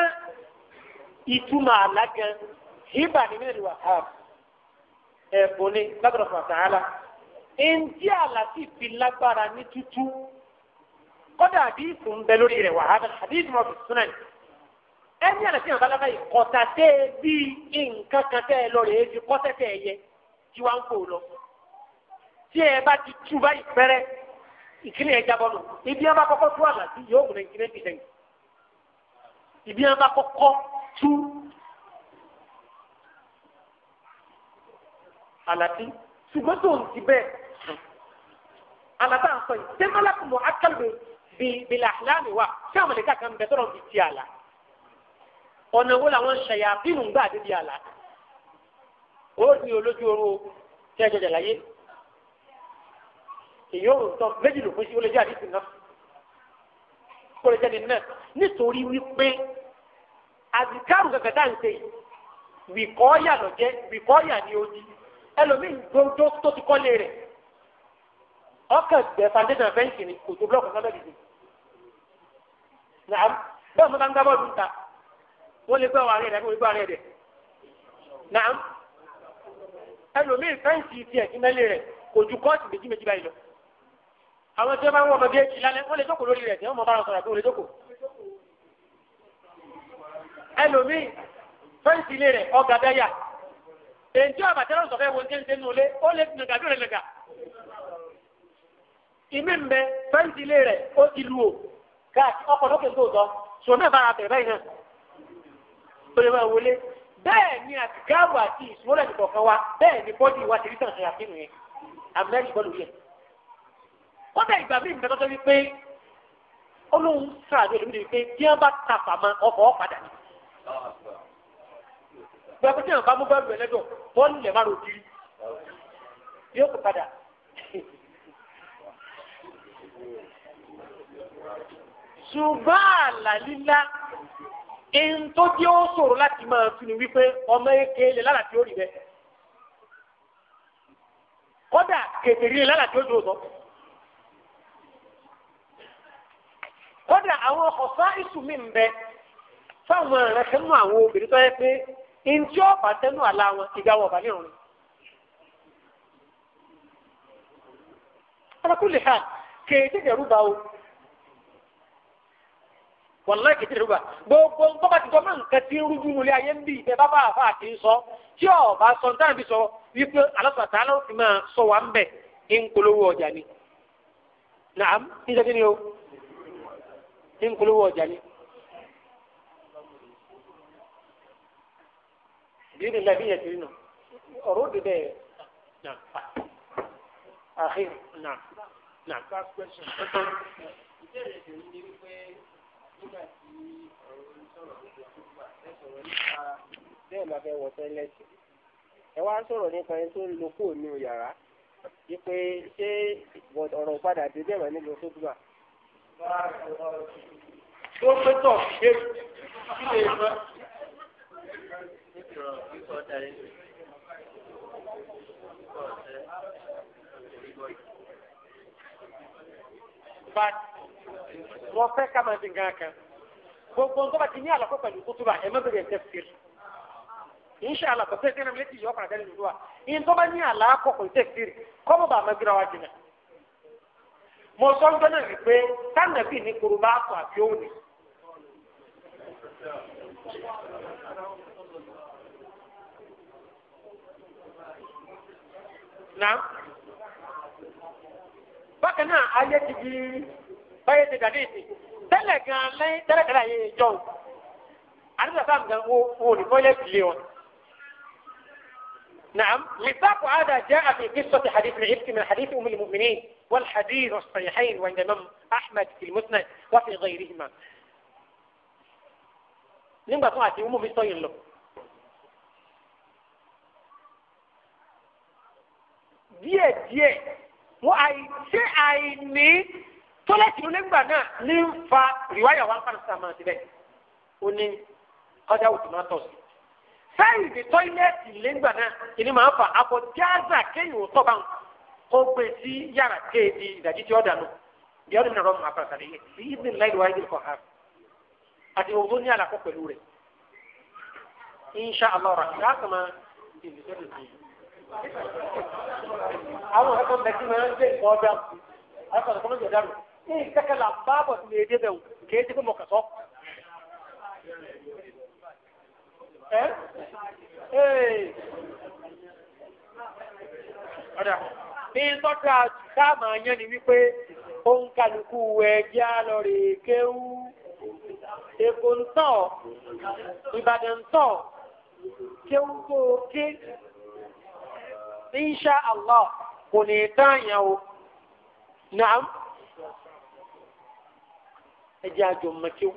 ìtumọ̀ alágan hibà ni mina wahab ẹ̀bùn ni lábẹ́rẹ́ fàtàlá ẹ̀ǹdí àlàsì fi lágbára ní tútú kọ́dà àdìsù ń bẹ lórí rẹ̀ wàhálà àdìsù mọ̀ fi súnà ni ẹni àlàsì yàn balaga yìí kọ́tà tẹ́ bí nǹkan kan tẹ́ lọ rèé fi kọ́tà tẹ́ yẹ tí wàá ń kó lọ tí ẹ bá ti tú báyìí pẹ́rẹ́ ìkíni ẹ̀ jábọ́ nù ibi ẹ bá kọ́kọ́ tú àlà sí yóò wù nàìjíríà ti dẹ̀yìn ibi ẹ bá kọ́kọ́ tú àlà ṣùgbọ́n tó ń ti bẹ́ẹ̀ àlà tá à ń sọ yìí tẹ́mọ́lákùn mọ́ akálùbẹ̀ bìlà àlámì wa ṣé àwọn ẹ̀ka kan bẹ̀ tọ́rọ̀ fi ti àlà ọ̀nà wo làwọn ṣẹ̀yà bínú gbà débi àlà ó ní olójú oró tẹ́jọ́ jàlàyé èyí ò tán méjì ló fún sí ó lè jẹ́ àdìsí náà ó lè jẹ́ àdìsí náà nítorí wípé àdìkárù kẹ̀kẹ́ tá à ń ṣe yìí wìkọ́ọ̀yà lọ jẹ́ wìkọ́ọ̀yà ni ó di ẹlòmíì gbọ́dọ̀ tó ti kọ́lé rẹ̀ ọkàn gbẹ foundation fẹ́ǹsì ni kò tó blọọkù sábẹ́ dìde nàám bẹ́ẹ̀ mo bá ń gbá bọ́ọ̀lù ta wọ́n lè gbé àwọn àárẹ̀ rẹ̀ wọ́n lè gbé àárẹ̀ rẹ̀ nàám ẹlòmíì fẹ́ǹsì tiẹ̀ sí mẹ́lẹ̀ rẹ̀ kò ju kọ́ọ̀tù méjì báyìí lọ àwọn tí wọ́n bá ń wọ ọmọ bíi èjì lálẹ́ wọ́n lè jókòó lórí rẹ̀ tí wọ́n mọ bá wọn sọ̀rọ̀ pé wọ́n lè jókòó. ẹlòmíì fẹ́ǹsì ilé rẹ̀ ọgà dáyà èyí tí ọba tẹ́lẹ̀ sọ̀fẹ́ wo nù lé ó lè nàgà bí ó lè nàgà. ìmí ń bẹ fẹ́ǹsì ilé rẹ̀ ó ti lu o káàkiri ọkọ̀ lókè tó tọ́ sọ náà bára bẹ̀rẹ̀ báyìí náà ó lè máa wọlé bẹ́ẹ̀ ni àtìgáàbò àti ìsúnmọ́lẹ̀ nìkọ̀ọ̀kan wa bẹ́ẹ̀ ni bọ́dì wa ti rí tàn kódà ìgbà mi ìgbà tọ́jọ́ wípé olóhùn sàdé lómi wípé tí wọ́n bá ta fàmà ọkọ̀ padà ní. gbàgbé tí wọ́n bá mú bá rẹ̀ lẹ́dọ̀ bọ́ọ̀lù lẹ̀ má ro kiri yóò kó padà. ṣùgbọ́n àlà líla ẹni tó jẹ́ ó ṣòro láti máa tunu wípé ọmọ eke lè lára tí ó rí bẹ́ẹ̀. kódà kètèrè lè lára tí ó dùn sọ. kódà àwọn ọkọ̀ sáìsù mi ń bẹ fáwọn ẹ̀rẹ́ sẹ́nu àwọn obìnrin tó yẹ pé ntí ọ̀bà sẹ́nu àlá wọn ìgbà wọ̀ bàlẹ́ ọ̀run. ha o gbogbo nǹkan ti nǹkan ń rújú ayé ń bì bá sọ tí sọ ní táwọn ibi ń polówó ọjà ni. bíbí ńlá bí yẹn ti rí nù ọ̀rọ̀ òde bẹ́ẹ̀. àhìn nà nà. bẹ́ẹ̀ máa fẹ́ wọ tẹ́lẹ̀tì ẹ wá ń sọ̀rọ̀ nípa ẹni tó ń lo kóònù yàrá wípé ṣé ọ̀rọ̀ padà dé bẹ́ẹ̀ máa nílò tó tó pétọ̀ ṣe kí lè wọ́n fẹ́ Gbogbo nǹkan bá ti ní àlọ́kọ́ pẹ̀lú kútúbà ẹ̀ mẹ́bẹ̀rẹ̀ ẹ̀ tẹ̀síìrì. Inshallah kò sí ẹ̀kẹ́ náà létí ìyọ́ ọkàn àtẹ́lẹ̀ lùdúwà. Ìyẹn tó bá ní àlàkọ̀ kò mo sọ ń gbẹ́nà wípé sànàbì ní korobá àpò àbí òní. Nàá bákan náà ayé ti di báyé ti dàdí ìsìn tẹ́lẹ̀ gan-an lẹ́yìn tẹ́lẹ̀ tẹ́lẹ̀ ayé ìjọ àdúgbò sáà gan wo wo nìkan yẹ kìlẹ̀ wọn. نعم مصداق هذا جاء في قصة حديث العبك من حديث أم المؤمنين والحديث الصحيحين وعند الإمام أحمد في المسند وفي غيرهما نبغى طلعت أمه في صين له دي دي واي أي شيء أي ني طلعت له نبغى نا نفا رواية وانقر السماء تبعي وني قد أوتي ما توصل sáyìdì tọ́ílẹ̀tì lẹ́gbà náà ìní máa ń fa àpò jáàzà kéyìn ò tọ́ba kó gbé sí yàrá kéèdì ìdajì tí ó dànù bí ọdún mìíràn máa fara sàlẹ̀ yẹn sí ibi láì wáyé nìkan ha àti òun tó ní àlàkó pẹ̀lú rẹ̀ insha allah ra ṣáà kama ìdíjọ́ lè fi. àwọn akẹ́kọ̀ọ́ mẹ́tí máa ń gbé nǹkan ọ̀dà akẹ́kọ̀ọ́ mẹ́tí ọ̀dà rẹ̀ ní ìkẹ́kẹ́ là ń bá bọ̀ sí ilé ẹ̀dẹ́ bẹ̀rù kéèdì kó mọ̀ kàtọ́. Eh? ọ̀dà ní tọ́ta táàmà yẹn ni wípé ó ń kálukú ẹjẹ́ lọ́rẹ̀ kéwú èkó ń tọ̀ ìbàdàn ń tọ̀ kéwú tó ké insha allah kò ní tààyàn o naam ẹjẹ́ àjò mọ́ kéwú.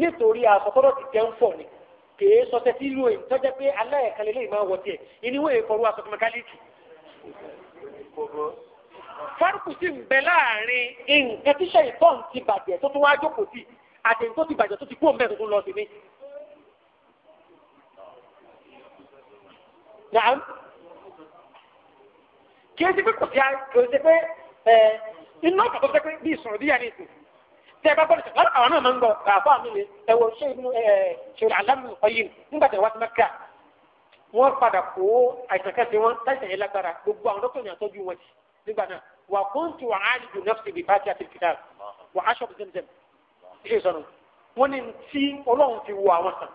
nítorí àsọkọ́dọ̀ ti jẹun fọ̀ ni kèé sọtẹ sí ìlú èyí tọ́jà pé aláìkalẹ̀ lè máa wọ̀ tiẹ̀ ìníwó èkọ́rú asọ̀tún mẹkáníìkì. fárúkù sì ń bẹ láàrin nǹkan tíṣẹ́ ìtọ́n ti bàjẹ́ tó tún wá jókòó sí àti nǹkan tó ti bàjẹ́ tó ti kú òun bẹ́ẹ̀ tó tún lọ sí mi. kèé sí pé kò sí àìsí iná tó fẹ́ pé bí ìsọ̀rọ̀ bí yà ní ìsìn tẹ ẹ bá gbọ́dọ̀ sọ̀rọ̀ àwọn náà máa ń gbọ́ àfọ àmì mi ẹ wọ ṣé inú ẹ ṣe alámù ọyìn nígbà tí wọ́n ti máa kíá wọ́n padà kó àìsàn kẹsì wọn táìsàn yẹn lágbára gbogbo àwọn dókítà yẹn àtọ́jú wọn nígbà náà wà kóńtù wà áàlì jù nọ́ọ̀sì bíi bá ti àti kìtà wà aṣọ bí zẹmzẹm ṣe sọnù wọn ni tí ọlọ́run ti wo àwọn sàn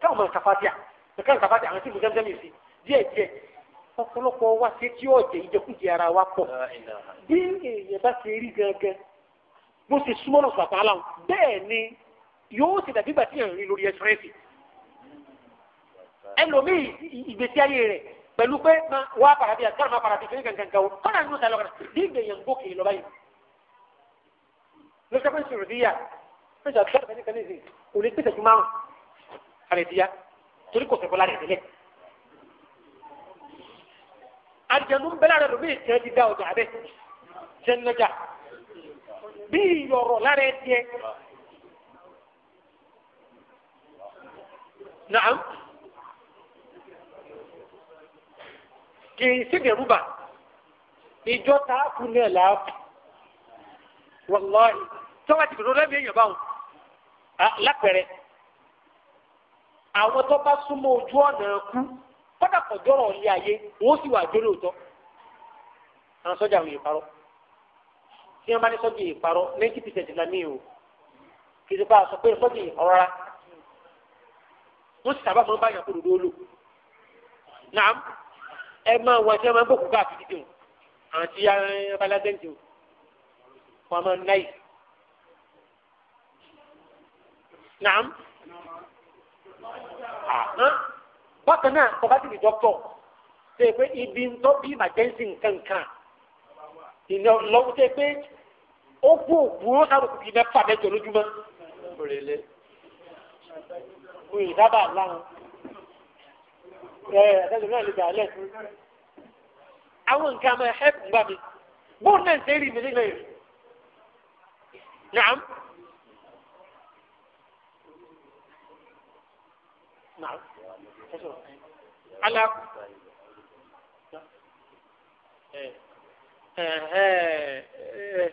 káwọn máa kàfáàtìà kàkàn kàfáàtìà àwọn tí mo zẹmzẹm yìí sí díẹ̀ díẹ̀ ọ̀pọ̀lọpọ̀ wa ṣe tí ó jẹ ìjẹkújẹ ara wa pọ̀ bí èèyàn bá ṣe rí gangan bó ṣe súnmọ́ náà sọ̀tà aláwọ̀ bẹ́ẹ̀ ni yóò ṣe dàbí ìgbà tí èèyàn rí lórí ẹsẹ̀rẹ́sì ẹlòmíì ìgbésí ayé rẹ̀ pẹ̀lú pé wà á para bí i àti àmà para bí i fún kankan kan o kọ́nà nínú sàlọ́ kan bí ìgbè yẹn ń gòkè lọ báyìí lọ́sẹ̀ fún ìṣòro díyà fún ìṣòro sọ́dọ̀ fẹ́ni kaníṣe kò ní pèsè jùmọ̀ àrùn àrẹ díyà torí kò sẹ́kọ̀ọ́ lára ìdílé. àjẹnú ń bẹ́lá rẹ̀ lómi ìtẹ́ ti dá ọjà abẹ́ jẹ́ bí ìyọ̀rọ̀ lára ẹ tiẹ̀. Nàám. Kì í sídẹ̀rúbà. Ìjọ ta kú náà láàbù. Wàláhì. Tọ́wọ́ ti dòdò lẹ́bi èèyàn báwọn. Lápẹ̀rẹ̀. Àwọn tó bá súnmọ́ ojú ọ̀nà kú. Kọ́dà kọ̀jọ́rọ̀ ilé ayé, wọ́n sì wà jórí òótọ́. Àwọn sọ́jà wòye parọ́ tí wọ́n bá ní sọ́jì ìparọ́ ninety percent la mí o kì í ṣe pa àṣọ pé sọ́jì ọ̀rọ̀ra wọ́n sì sábà máa ń bá yàn kó dodo lò naam ẹ máa wọ ẹsẹ̀ máa ń bòkú káàkiri dùn àti abaládẹ́ǹtì o wọ́n máa ń náyì naam bákan náà tọ́ba ti di dọ́kítọ̀ ṣe pé ibi ń tọ́ bí emergency nǹkan kan ìnáwó lọ́wọ́ ṣe pé ó kú òkúrò sáròkù bíi mẹ́fà mẹ́jọ lójúmọ́ òrèlè òyìn dábàá láwọn ẹ ẹ̀ẹ́dẹ́gbẹ̀rún náà lè gbà lẹ́sìn àwọn nǹkan máa hẹ́pù gbà mí bóun náà ṣe rí mi nílẹ̀ yìí nàám ala ẹ ẹ ẹ.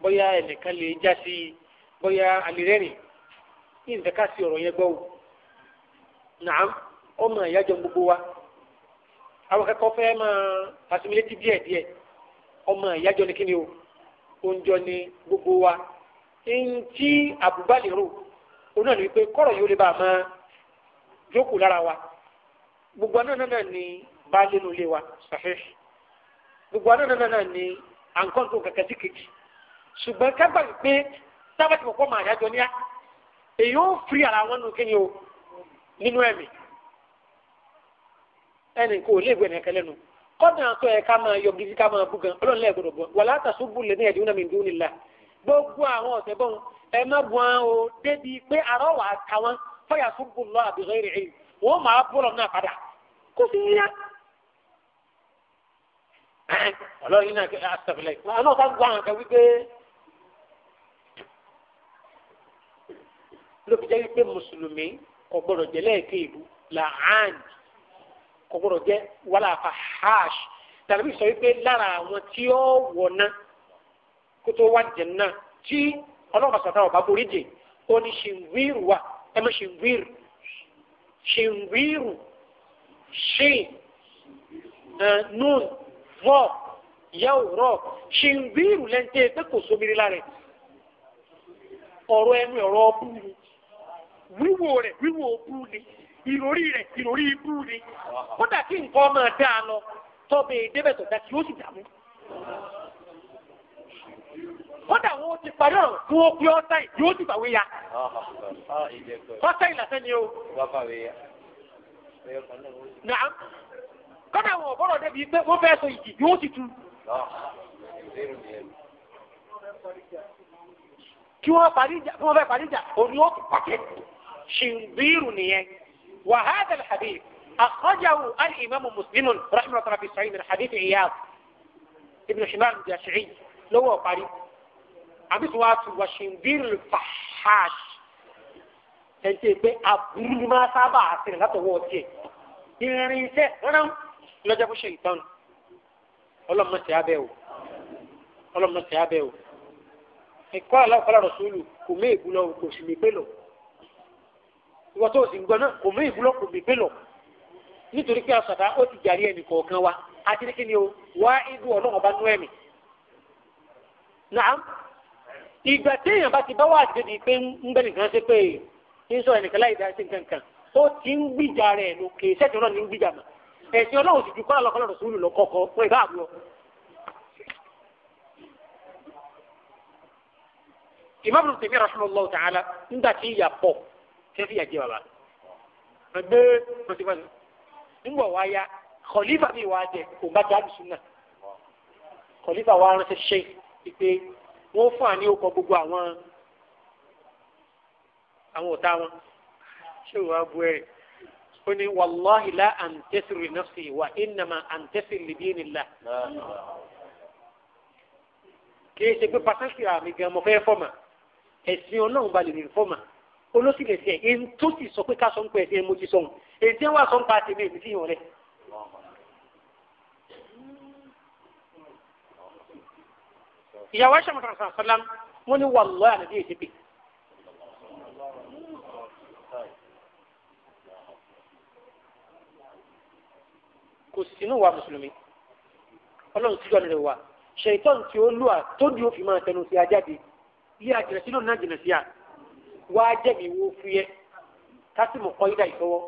bóyá ẹnìkan lè já sí i bóyá alẹ́rẹ́rìn kí n tẹ́ka sí ọ̀rọ̀ yẹn gbọ́ ọmọ gbogbo wa àwọn akẹ́kọ̀ọ́ fẹ́ máa asimilétí díẹ̀ díẹ̀ ọmọ ìyájọ ni kíni o oúnjọ ni gbogbo wa ntí àbúgbà lè rò náà wípé kọ́rọ̀ wa gbogbo anáà náà ni wa gbogbo anáà náà ni ṣùgbọ́n kágbà pé sábàtì kọ̀kọ́ máa yájọ níyà èyí ó firi ara wọn nù kéye o nínú ẹ̀mí ẹnì kò lè gbẹ̀ nìkan lẹ́nu kọ́dà sọ ẹ̀ ká máa yọ gidi ká máa bú gan ọlọ́run lẹ́ẹ̀ gbọdọ̀ bọ̀ wàlá tàṣubú lẹ́ni ẹ̀dínwó náà mi dúró nílá gbogbo àwọn ọ̀sẹ̀ bọ́n ẹ má bu wọn o débi pé àrọ́ wà á ta wọn fọyà ṣubú lọ àbíkọ́ ìrìn ìrìn wọ́n máa bọ́ọ̀lù náà padà kó sì yá ọlọ́run yìí náà ló fi jẹ́ pé mùsùlùmí kò gbọ́dọ̀ jẹ́ lẹ́ẹ̀kẹ́ ìlú làán kò gbọ́dọ̀ jẹ́ wàhálà àfa hash tàbí sọ wípé lára àwọn tí ó wọ̀ náà kó tó wá jẹ̀ náà tí ọlọ́pàá sọ̀tà ọ̀bá borí jẹ̀ ó ní ṣìǹwìrù wa ẹ mọ̀ ṣìǹwìrù ṣìǹwìrù ṣì nùn vọ́ yẹ́wò rọ̀ ṣìǹwìrù lẹ́ńtẹ́ pé kò sómi rí lára ọ̀rọ̀ ẹnu ọ̀rọ̀ ọ̀bùrù wíwò rẹ̀ wíwò bú ni ìròrí rẹ̀ ìròrí bú ni kódà kí nǹkan ọmọ dá a lọ tọ́bẹ̀ débẹ̀ tó dá kí ó sì dààmú. kódà wọn ti parí ọ̀rọ̀ tí wọ́n pé ọ́tá yìí yóò sì bàwé ya. ọ́tá yìí làṣẹ ni o. nàá kódà wọn ọ̀bọ̀rọ̀ débi pé wọ́n fẹ́ sọ ìjì yóò sì tu. kí wọ́n parí ìjà kí wọ́n fẹ́ parí ìjà òun ni ó ti pàkẹ́ ṣìǹbìrù nìyẹn wàhálà alhadith akhrajahu alimami muslimu rahimahullah ta'ala fi sahih min hadith iyad ibn himar al-jashiri lọ́wọ́ parí àbí tí wàá tu wà ṣìǹbìrù fahash ẹnití pé aburú ni máa sábà àti rìn látọwọ́ tiẹ̀ ìrìn iṣẹ́ rán lọ́jọ́ bó ṣe ìtàn ọlọ́mọṣẹ́ abẹ́ o ọlọ́mọṣẹ́ abẹ́ o ẹ̀kọ́ àlọ́ ọ̀kọ́lá rọ̀ sóòlù kò mé ègbú lọ kò sì lè pé lọ. ìwọ tó o sì ń gbọ́ náà kò mú ìgbúlọ̀ kò mí gbé lọ nítorí pé asọ̀tà ó ti jàrí ẹnì kọ̀ọ̀kan wa àti ní o wá ìlú ọlọ́run nú ẹ̀mí. nàám ìgbà bá ti bá wà débi pé ń bẹ nìkan ṣe pé ń sọ ẹnìkan láì dá sí nǹkan kan ó ti ń gbìjà rẹ̀ ló sẹ́ẹ̀tì ọlọ́run ni ń gbìjà mà ẹ̀sìn ọlọ́run sì ju kọ́lá lọ́kọ́lá rẹ̀ sùúrù lọ kọ́kọ́ fún ìbá àbúrò. tèmi sẹ́fì yà jẹ́ bàbá gbé mọ̀tìmọ̀tì nígbà wá ya kọ̀lífà mi wá jẹ kò bá dáàbì sùn náà kọ̀lífà wá ránṣẹ́ ṣe pé wọ́n fún àní okọ̀ gbogbo àwọn àwọn ọ̀tá wọn ṣé wàá bu ẹ̀rì ó ní wàláhi la àǹtẹ́sìrì nafsi wa ìnàmà àǹtẹ́sìrì lìdíyìn nìlá kì í ṣe pé pàtàkì àmì gan mo fẹ́ fọ́mà ẹ̀sìn ọlọ́run balẹ̀ ní fọ́mà olóṣì lè ṣe èyí tó sì sọ pé ká sọ ń pẹ ẹsẹ mojú sọhùn èyí tí wọn sọ ń pa tèmi èmi sì yàn rẹ. ìyàwó ẹ̀ṣẹ̀ mọ̀tàn sàn sọ́lám wọ́n ní wà lọ́ọ́ àná bí èsì pé. kò sí inú wa mùsùlùmí ọlọ́run tíjọ́ nílẹ̀ wa ṣèyítọ́n tí ó lù à tó di òfin máa tẹnu sí ajáde yí àjẹsílò náà jìnà sí à. wàá wo fúyẹ́ kasi kọ́ ìdá ìfọwọ́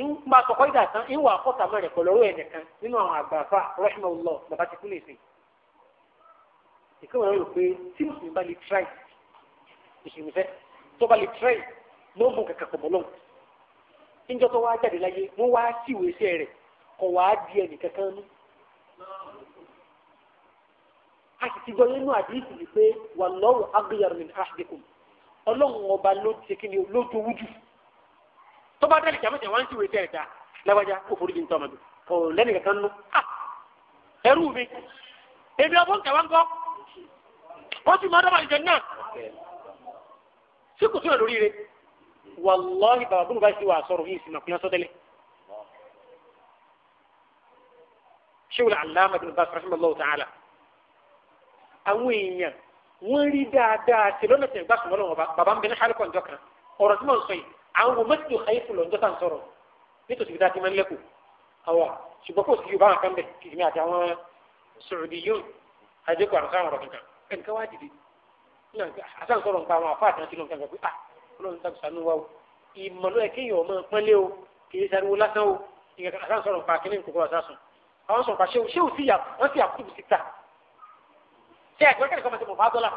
ìgbà àkọ́kọ́ ìdá tán ìwà àkọ́tà mẹ́rẹ̀ pẹ̀lú ọ̀rọ̀ ẹ̀nìkan nínú àwọn àgbààfà rahimahullah bàbá ti kú lè sìn ìkéwọ̀n rẹ̀ rò pé tí mùsùlùmí bá lè tíráì ìṣèlú tó bá lè tíráì ló mú kàkà pọ̀ mọ́lọ́n níjọ́ tó wáá jáde láyé wáá ọlọ́run ọba ló ti kí ni ló tó wújú tó bá dẹ́lẹ̀ jàmọ́jà wá ń ti wé tẹ́ ẹ̀ dá lágbájá kó forí jìn tọ́mọdé kò lẹ́nu kankan nú ẹrú mi èmi ọgbọ́n kẹwà ń gbọ́ wọ́n ti mọ ọdọ́ màlìjẹ náà sí kò tún lórí rẹ wàlọ́ọ̀hì bàbá bùnú bá ti wà sọ̀rọ̀ yìí ìsìnkú yẹn sọ́tẹ́lẹ̀ ṣé wùlọ̀ àlámà bùnú bá wọ́n rí dáadáa tí lọ́nà tẹ̀ gbà sùnmọ́ lọ́wọ́ bàbá ń bẹ ní xalikọ̀ njọ́ kan ọ̀rọ̀ tí mo sọ yìí àwọn wo mẹ́tìlú xayifu lọ njọ́ tàn sọ̀rọ̀ nítorí dáa ti máa ń lẹ́kù àwa ṣùgbọ́n kò sí yorùbá àwọn kan bẹ̀ kìkìmí àti àwọn sùrùdì yóò àdékù àwọn sáwọn ọ̀rọ̀ kankan ẹnì kan wá dìde àtàn sọ̀rọ̀ nípa àwọn afọ àtàn sílùú kankan pé ah ọlọ́run tàbí sànú wa o ìmọ̀lọ́ ẹ̀ kí àìpẹ́ kẹ́lẹ́ kọ́mọ̀tì mọ̀ fàdọ́là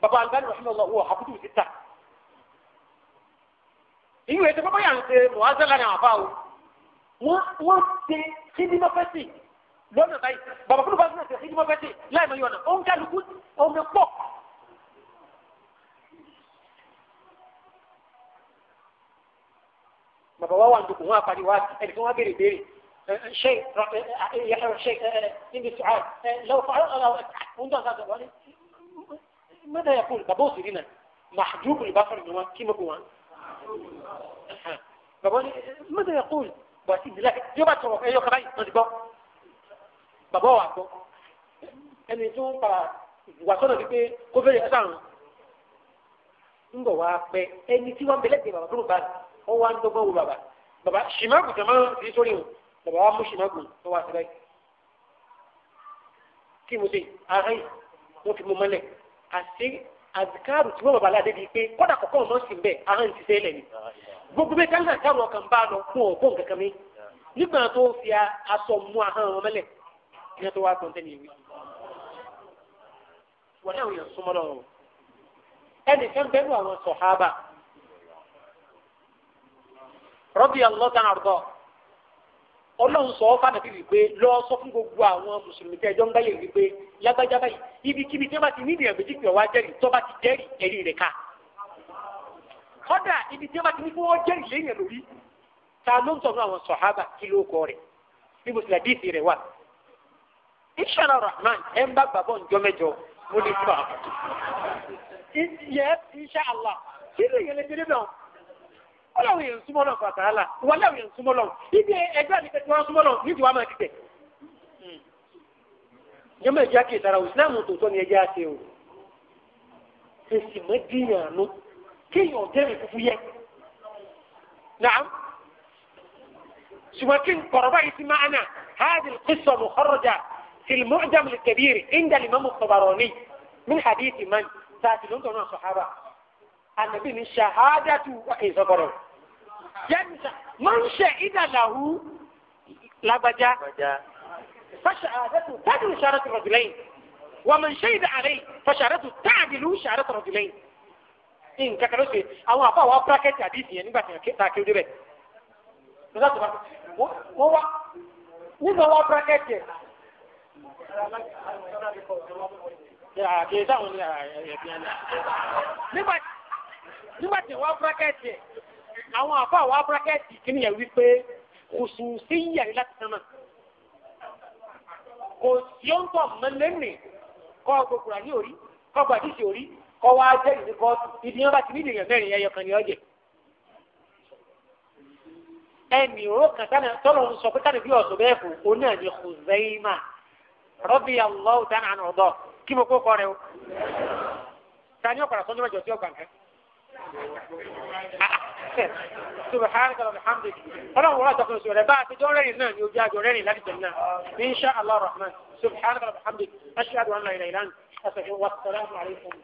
bàbá Albani rahimahullah wọ àkútù síta ìyún ètò bàbá yà ń ṣe mọ̀hásálà ní àbá o wọ́n ṣe kíndínmọ́fẹ́sì lọ́nà báyìí bàbá kúrò bá ń ṣe kíndínmọ́fẹ́sì láì mọ̀ yọ̀nà ó ń kálukú ọmọ pọ̀. bàbá wa wà ń dùkú wọn àpàdé wa ẹnìkan wá béèrè béèrè شيء يحرم شيء عندي سؤال لو فعل وانت ماذا يقول بابوسي هنا محجوب البصر جوا كيما هو بابوسي ماذا يقول بواسيد لا جوا تروح ايوه كباي نجيبه بابو واكو ẹni tó ń pa ìwà sọ́nà wípé kó fẹ́rẹ̀ اني ń بلدي wá pẹ́ بابا هو wọ́n ń bẹ بابا bàbá tó ń bá ọ bàbá wa mú ṣìnàgùn tó wà síbẹ̀ kí mo ṣe ahọ́n wọn fi mú mọ́lẹ̀ àti àzìkáàrù tí wọ́n bàbá aládé di pé kọ́dà kọ̀ọ̀kan ọ̀nà sì ń bẹ̀ ahọ́n ti sẹ́lẹ̀ ni gbogbo bẹ́ẹ̀ káńtà táwọn ọkàn bá lọ fún ọ̀gbọ́n kankan mi nígbà tó fi aṣọ mú ahọ́n wọn mọ́lẹ̀ ní wọ́n tó wá gbọ́n tẹ́lẹ̀ ìwé wọ́n náà yàn súnmọ́ ọlọ́run sọ ọ́ fànàbí wípé lọ sọ fún gbogbo àwọn mùsùlùmí tẹ́ ẹjọ́ ń wípé lágbájá báyìí ibikíbi tí wọ́n bá ti ní ìdìyàn méjì pé wá jẹ́rìí tó bá ti jẹ́rìí ẹ̀rí rẹ̀ ká. kọ́dà ibi tí wọ́n bá ti ní kí wọ́n jẹ́rìí lórí ta ló ń sọ fún àwọn sọ̀hábà kí ló kọ rẹ̀ bí mo sì làdí rẹ̀ wà. rahman ẹ̀ ń bá ǹjọ́ mẹ́jọ mo ọlọ́run yẹn ń súnmọ́ lọ́wọ́ àtàlà wọn lọ́wọ́ yẹn ń súnmọ́ lọ́wọ́ ibi ẹgbẹ́ àti kẹtì wọn súnmọ́ lọ́wọ́ nídìí wọn máa dìtẹ̀. jẹ́mọ̀ hmm. ìjà kì í sara ìsìláàmù tòótọ́ ni ẹjẹ́ àti o fèsì mọ́ díyàn àánú kéèyàn jẹ́rìí fúfú yẹ. nàám ṣùgbọ́n kí n kọ̀rọ̀ báyìí ti máa nà hádìí qissa mukharraja في المعجم الكبير عند الإمام الطبراني من حديث من؟ ساتلون صحابة ànábì ní ṣahádàtú ìsọ̀bọ̀rọ̀ yẹ́nìṣà máa ń ṣe ìdàlàhù lágbájá fàṣàdàtú tàbí ṣàrẹ́tù rọ̀jùlẹ́yìn wọ́n máa ń ṣe ìdà àlẹ́ fàṣàdàtù tàbí ṣàrẹ́tù rọ̀jùlẹ́yìn nǹkan kan ló ṣe àwọn àbá wa bírákẹ́tì àdìsí yẹn nígbà tí a kí ó débẹ̀ wọ́n wá nígbà wa ya, ni. nígbà nígbà tí wọ́n búrákẹ́tì àwọn àfọ àwọn búrákẹ́tì kìíní yẹn wípé kùsù sí yàrá láti sánmà kò sí ó ń tọ̀ mọ́lẹ́nì kọ́ gbogbo àní òrí kọ́ gbàdísì òrí kọ́ wá jẹ́ ìdí kọ́ ìdí yẹn bá ti nídìí yẹn mẹ́rin ẹyọ kan ní ọjẹ́ ẹnì òró kan tọ́lọ̀ ń sọ pé kánì bí ọ̀sọ̀ bẹ́ẹ̀ kù ó náà ní Khuzaima rọ́bì àwọn ọ̀dọ́ kí mo kó kọ́ rẹ o ta ni àtọ́jú mẹ́jọ sí ọgbà nǹkan subhanaka wa bihamdik ọlọ́run wọ́n àtọkùn oṣù rẹ̀ bá a ti jọ rẹ́rìn náà ni ojú àjọ rẹ́rìn láti jẹ̀ náà insha allah rahman subhanaka wa bihamdik ashhadu an la ilaha illa anta astaghfiruka wa assalamu alaykum